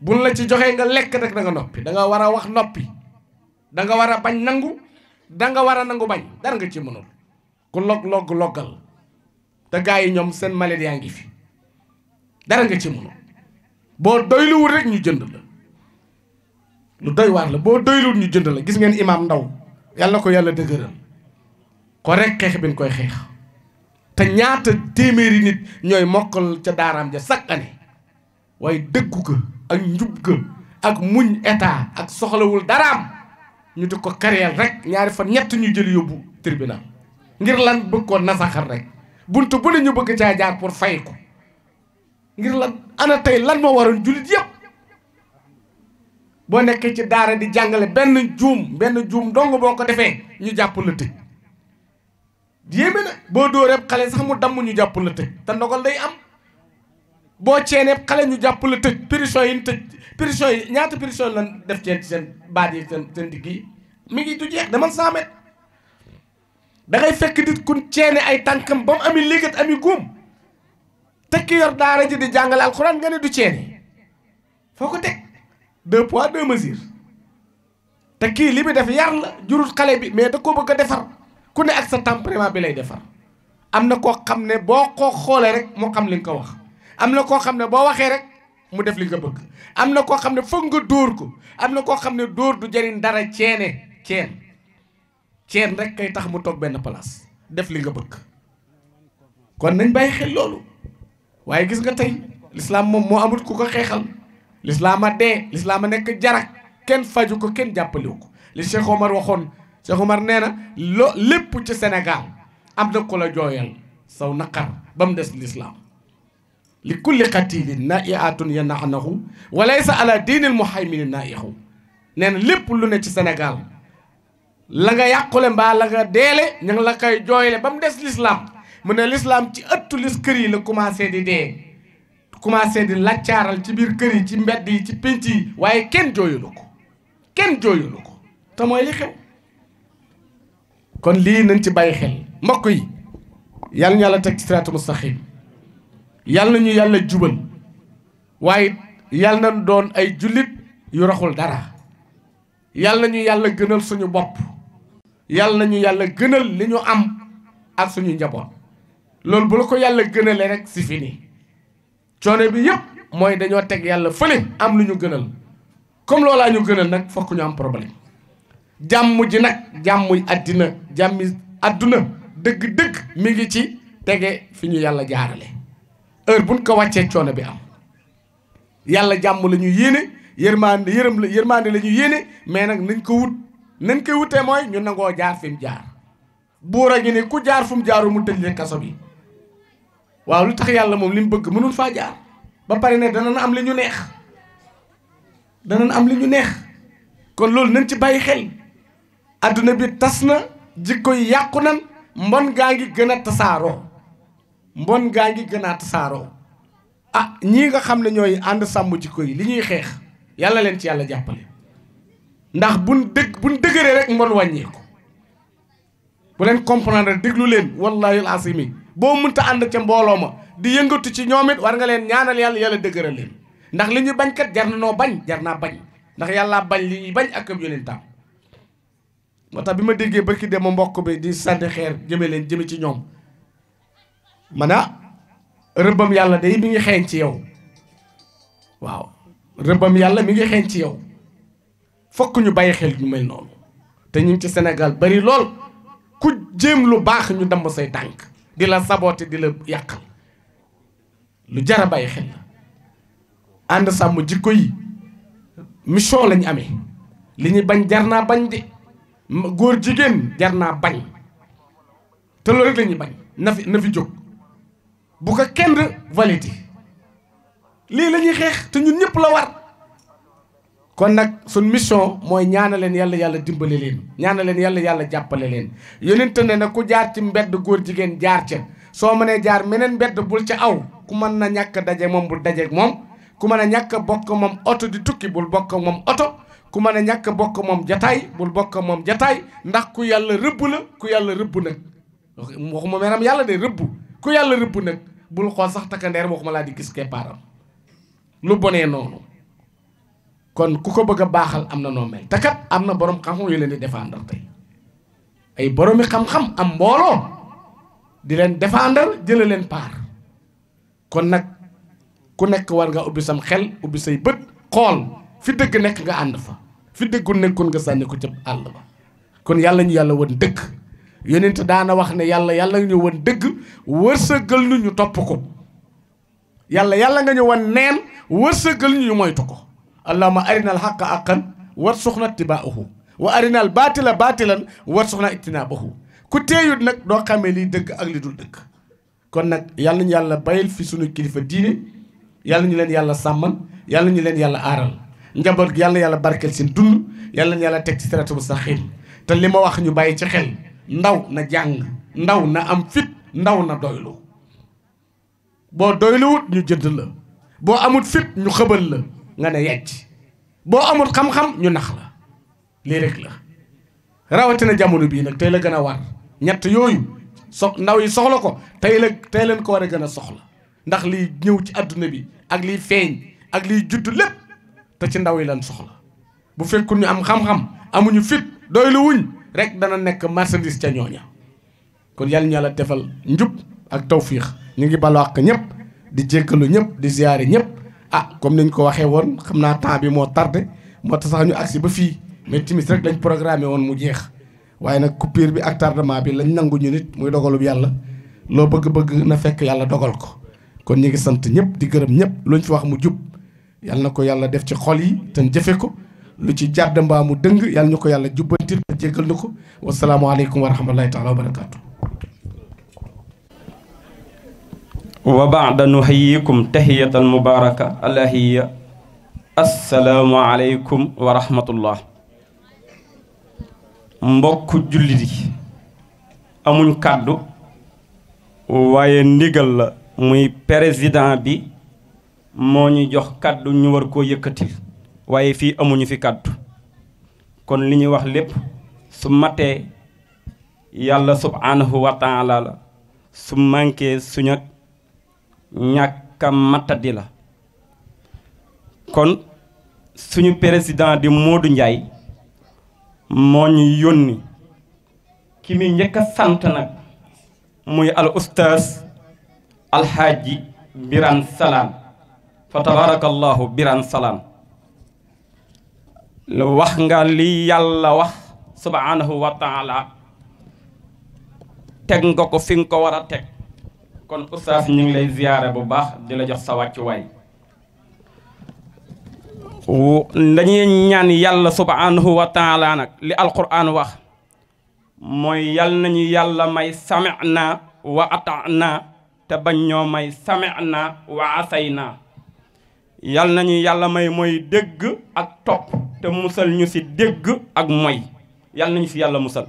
buñ la ci joxee nga lekk rek da nga noppi da war a wax noppi danga war a bañ nangu da war a nangu bañ dara nga ci mënul ku log log loggal te gars yi ñoom seen malet yaa ngi fi dara nga ci mënul boo doyluwul rek ñu jënd la lu doy waar la boo doyluwul ñu jënd la gis ngeen imaam ndaw yàlla ko yàlla dëgëral ko rek xeex bi ñu koy xeex te ñaata téeméeri nit ñooy mokkal ca daaraam ja chaque année waaye dëggu ga ak njub ga ak muñ état ak soxlawul daraam ñu di ko kareel rek ñaari fan ñett ñu jël yóbbu tribunal ngir lan bëgg ko nasaxal rek buntu bu la ñu bëgg caa jaar pour fay ko ngir lan ana tey lan moo waroon jullit yëpp boo nekkee ci daara di jàngale benn juum benn juum dong boo ko defee ñu jàpp la tëj yéeme na boo dóoreeb xale sax mu damm ñu jàpp la tëj te ndogal day am boo ceeneeb xale ñu jàpp la tëj prison yi tëj prison yi ñaata prison lan def ceen ci seen baat yi seen seen digg yi mi ngi du jeex dama cent mètres fekk nit kun ceene ay tànkam ba mu ami léegat ami te tekki yor daara ji di jàngale alxuraan nga ne du ceene foo ko teg deux poids deux mesures te kii li bi def yar la jurut xale bi mais da koo bëgg a defar ku ne ak sa tempérament bi lay defar am na koo xam ne boo ko xoolee rek mu xam li nga wax am na koo xam ne boo waxee rek mu def li nga bëgg am na koo xam ne foog nga dóor ko am na koo xam ne dóor du jariñ dara ceene ceen ceen rek kay tax mu toog benn place def li nga bëgg kon nañ bàyyi xel loolu waaye gis nga tey lislaam moom moo amul ku ko xeexal lislaama dee lislaama nekk jarak kenn faju ko kenn jàppaliwu ko li Cheikh Omar waxoon Cheikh Omar nee na loo lépp ci Sénégal am na ku la jooyal saw naqar ba mu des lislaam li kulli qatilin naiatun yananahu wa laysa ala diinil muhaymini naihu nee na lépp lu ne ci senegaal la nga yàqule mbaa la nga deele ña ngi la koy jooyle ba mu des lislaam mu ne lislaam ci ëttu lis kër yi la commencé di dee commencé di laccaaral ci biir kër yi ci mbedd yi ci pénc yi waaye kenn jooyulu ko kenn jooyulu ko te mooy li xew kon lii nañ ci bàyyi xel mbokk yi yàlla ñu yàlla teg ci siraatu mustaqim yàlla ñu yàlla jubal waaye yàlla na doon ay jullit yu raxul dara yàlla ñu yàlla gënal suñu bopp yàlla ñu yàlla gënal li ñu am ak suñu njaboot loolu bu la ko yàlla gënale rek si ni coono bi yëpp mooy dañoo teg yàlla fële am lu ñu gënal comme loolaa ñu gënal nag fokk ñu am problème jàmm ji nag jàmm àddina jàmmi àdduna dëgg-dëgg mi ngi ci tege fi ñu yàlla jaarale heure buñ ko wàccee coono bi am yàlla jàmm la ñu yéene yërmande yërëm la yërmande la yéene mais nag nañ ko wut nañ koy wutee mooy ñu nangoo jaar fi mu jaar buur a ni ku jaar fu mu jaaru mu tëj leen kaso bi waaw lu tax yàlla moom li mu bëgg mënul faa jaar ba pare ne danañ am li ñu neex danañ am li ñu neex kon loolu nañ ci bàyyi xel adduna bi tas na jikko yi yàqu nan mbon gaa ngi gën a tasaaroo mbon gaa ngi gën a tasaaroo ah ñii nga xam ne ñooy ànd sàmm jikko yi li ñuy xeex yàlla leen ci yàlla jàppale ndax buñ dëgg buñ dëgëree rek mbon wàññeeku bu leen comprendre déglu leen wallahi alasimi boo mënta ànd ca mbooloo ma di yëngatu ci ñoom it war nga leen ñaanal yàlla yàlla dëgëral leen ndax li ñu bañkat jar na noo bañ jar naa bañ ndax yàlla bañ li ñuy bañ ak ab yonentam moo tax bi ma déggee barki dem ma mbokk bi di sant xeer jëme leen jëme ci ñoom man ah rëbbam yàlla day mi ngi xeeñ ci yow waaw rëbbam yàlla mi ngi xeeñ ci yow fokk ñu bàyyi xel ñu mel noonu te ñu ci senegal bari lool ku jéem lu baax ñu damm say tànk di la saboote di la yàqal lu jara bàyyi xel la ànd sàmm jikko yi mission lañu amee li ñuy bañ jar naa bañ de góor jigéen jar naa bañ te loolu bañ na fi na fi jóg bu ko kenn validé lii la ñuy xeex te ñun ñëpp la war kon nag suñ mission mooy ñaana leen yàlla yàlla dimbale leen ñaana leen yàlla yàlla jàppale leen yonent ne na ku jaar ci mbedd góor jigéen jaar ca soo mënee jaar meneen mbedd bul ca aw ku mën na ñàkk daje moom bul daje moom ku mën a ñàkk bokk moom oto di tukki bul bokk moom oto ku mën a ñàkk bokk moom jataay bul bokk moom jataay ndax ku yàlla rëbb la ku yàlla rëbb nag waxuma yàlla de rëbb ku yàlla rëbb nag bul xool sax takkandeer waxuma laa di gis keppaaram lu bone noonu kon ku ko bëgg a baaxal am na noo mel am na borom xam-xam yu leen di défendre tey ay boromi xam-xam am mbooloo di leen défendre jëla leen paar kon nag ku nekk war nga ubbi sam xel ubbi say bët xool fi dëgg nekk nga ànd fa fi dëggul nekkoon nga sànni ko ca àll ba kon yàlla ñu yàlla woon dëgg yonent daana wax ne yàlla yàlla nga ñu woon dëgg wërsëgal nu ñu topp ko yàlla yàlla nga ñu woon neen wër wërsëgal ñu ñu moytu ko allahumma arinal xaqa aqan warsuxna tibaahu wa arinal baatila baatilan warsuxna itinaabahu ku teeyut nag doo xamee liy dëgg ak li dul dëgg kon nag yàlla ñu yàlla bayal fi sunu kilifa diine yàlla ñu leen yàlla sàmmal yàlla ñu leen yàlla aaral njaboot gi yàlla yàlla barkeel seen dund yàlla na yàlla teg ci siraatal mustaqiim te li ma wax ñu bàyyi ci xel ndaw na jàng ndaw na am fit ndaw na doylu boo doyluwut ñu jënd la boo amul fitt ñu xëbal la nga ne yecc boo amut xam-xam ñu nax la lii rek la rawatina jamono bii nag tey la gën a war ñett yooyu so ndaw yi soxla ko tey la tey leen ko war a gën a soxla ndax liy ñëw ci àdduna bi ak liy feeñ ak liy judd lépp te ci ndaw yi lan soxla bu fekkul ñu am xam-xam amuñu fit doy lu wuñ rek dana nekk marchandise ca ñooña kon yàlla ñu yàlla defal njub ak tawfiix ñu ngi baloo ak ñëpp di jéggalu ñëpp di ziyaare ñëpp ah comme ni ñu ko waxee woon xam naa temps bi moo tardé moo tax sax ñu agsi ba fii mais timis rek lañ programmé woon mu jeex waaye nag coupure bi ak tardement bi lañ nangu ñu nit muy dogalub yàlla loo bëgg-bëgg na fekk yàlla dogal ko kon ñu ngi sant ñëpp di gërëm ñëpp luñ fi wax mu jub yal na ko yàlla def ci xol yi te jëfe ko lu ci jàdd mbaa mu dëng yal ñu yàlla jubbantil te jéggal na ko wasalaamualeykum wa rahmatullahi taala wa barakaatu. wa baada nuhayyikum tahiyatan mubaraka alahiya assalaamu aleykum wa rahmatullah mbokk jullit yi amuñ kàddu waaye ndigal la muy président bi moo ñu jox kàddu ñu war koo yëkkati waaye fii amuñu fi kàddu kon li ñuy wax lépp su matee yàlla subhaanahu wa taala la su mànkee suñu ñàkk a matadi la kon suñu président di Modou Ndiaye moo ñu yónni ki muy njëkk a sant nag muy al oustaz alxaaji Birane salaan fa tabarakallahu biran salaan wax nga li yàlla wax subhanahu wa taala teg nga ko fi nga ko war a teg kon oustaz ñu ngi lay ziyaare bu baax di la jox sa wàccuwaay dañuy ñaan yàlla subhanahu wa taala nag li alquran wax mooy yal nañu yàlla may sami'na wa ata'na te bañ ñoo may sami'na wa asayna yal nañu yàlla may mooy dégg ak topp te musal ñu si dégg ak moy yal nañu si yàlla musal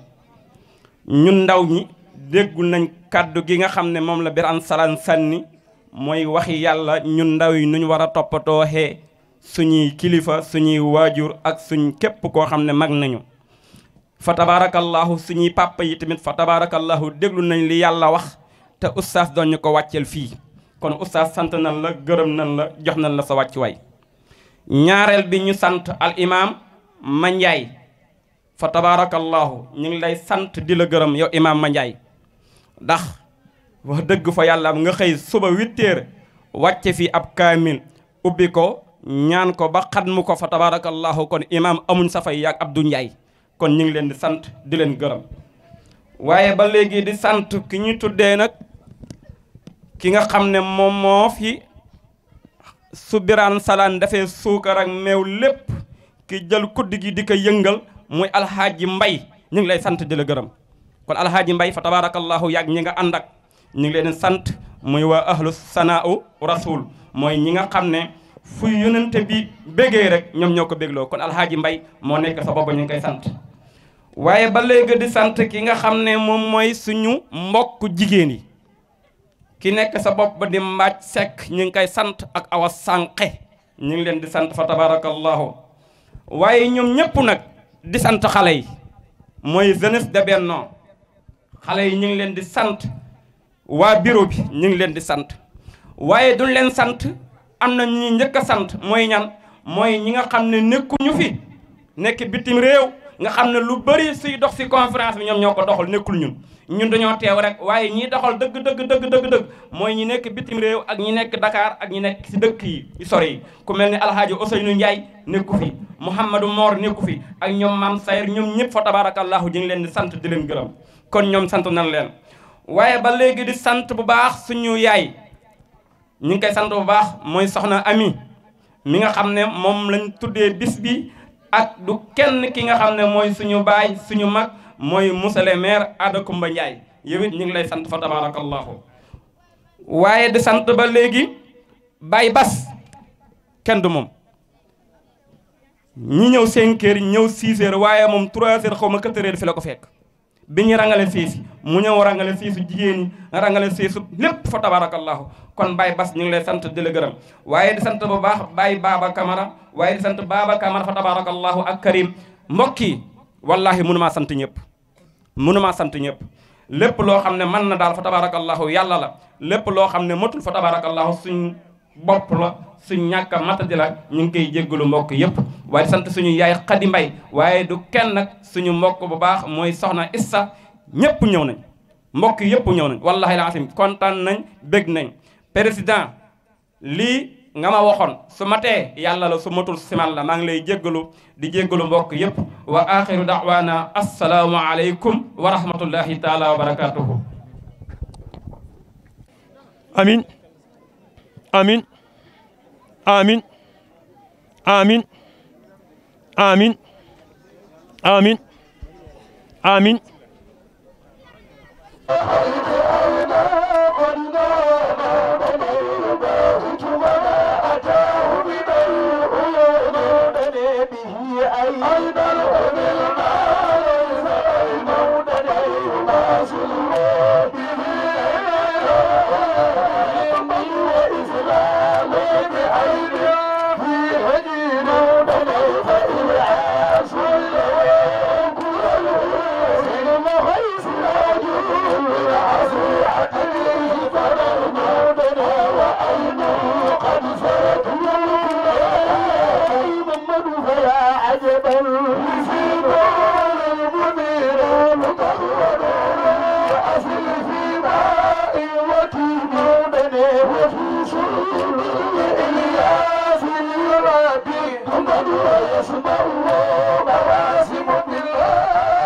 ñun ndaw ñi déggu nañ kàddu gi nga xam ne moom la Birane Salane sànni mooy wax yàlla ñun ndaw yi nu ñu war a toppatoo xee suñuy kilifa suñuy waajur ak suñ képp koo xam ne mag nañu fa tabaarakallaahu suñuy papa yi tamit fa tabaarakallaahu déglu nañ li yàlla wax te ustaas doon ñu ko wàcceel fii kon oustaz sant nan la gërëm nan la jox nan la sa wàcc way ñaareel bi ñu sant al imaam Mandiaye fa tabaarakallaahu ñu ngi lay sant di la gërëm yow imaam Mandiaye ndax wax dëgg fa yàlla nga xëy suba huit wàcce fii ab kaamil ubbi ko ñaan ko ba xat mu ko fa tabaarakallaahu kon imaam amuñ safay yaag du njaay kon ñu ngi leen di sant di leen gërëm waaye ba léegi di sant ki ñu tuddee nag ki nga xam ne moom moo fi su biraan salaan dafee suukar ak meew lépp ki jël kuddi gi di ko yëngal muy alxaaji mbay ñu ngi lay sant di la gërëm kon alxaaji mbay fa tabarakallahu yàgg ñi nga ànd ak ñu ngi leen sant muy waa ahlu sanaau rasul mooy ñi nga xam ne fu yonente bi bégee rek ñoom ñoo ko bégloo kon alxaaji mbay moo nekk sa boobu ñu ngi koy sant waaye ba di sant ki nga xam ne moom mooy suñu mbokk jigéen yi ki nekk sa bopp ba di mbaaj sekk ñu ngi koy sant ak awa sànqe ñu ngi leen di sant fa tabarakallahu waaye ñoom ñëpp nag di sant xale yi mooy jeunesse de Benno xale yi ñu ngi leen di sant waa bureau bi ñu ngi leen di sant waaye duñ leen sant am na ñuy njëkk a sant mooy ñan mooy ñi nga xam ne nekkuñu fi nekk bittim réew nga xam ne lu bëri suy dox si conférence bi ñoom ñoo ko doxal nekkul ñun ñun dañoo teew rek waaye ñiy doxal dëgg dëgg dëgg dëgg mooy ñi nekk bitim réew ak ñi nekk dakaar ak ñi nekk si dëkk yi sori yi ku mel ni alhaaji Ousseynou Ndiaye nekku fi Mouhamadou Mor nekku fi ak ñoom Maam Sayer ñoom ñëpp fa tabarakallahu ji ngi leen di sant di leen gërëm kon ñoom sant nan leen waaye ba léegi di sant bu baax suñu yaay ñu ngi koy sant bu baax mooy soxna Ami mi nga xam ne moom lañ tuddee bis bi ak du kenn ki nga xam ne mooy suñu baay suñu mag mooy musale maire Adda Kumba Ndiaye yow ñu ngi lay sant fa tabarakallahu waaye di sant ba léegi baay bas kenn du moom ñi ñëw 5 heures ñëw 6 heures waaye moom 3 heures xaw ma 4 heures fi la ko fekk bi ñu rangale fiisi mu ñëw rangale fiisu jigéen ñi rangale fiisu lépp fa tabarakallahu kon Baye Bass ñu ngi lay sant di la gërëm waaye di sant bu baax Baye Baba Camara waaye di sant Baba Camara fa tabarakallahu ak Karim mbokk yi wallaahi mënumaa sant ñëpp mënumaa sant ñëpp lépp loo xam ne mën na daal fo fa tabarakallahu yàlla la lépp loo xam ne matul fa tabarakallahu suñ bopp la suñ ñàkk a matadi la ñu ngi koy jéggalu mbokk yëpp waaye sant suñu yaay Xadi Mbay waaye du kenn suñu mbokk bu baax mooy soxna Issa ñépp ñëw nañ mbokk yëpp ñëw nañ wallahi laasim kontaan nañ bég nañ président lii nga ma waxoon su matee yàlla la su matul siman la maa ngi lay jéggalu di jéggalu mbokk yëpp wa axiru daawaana assalaamu aleykum wa rahmatullahi taala wa barakatuhu amin amin amin amin amin amin amin محمد ويسبه مواسم بالله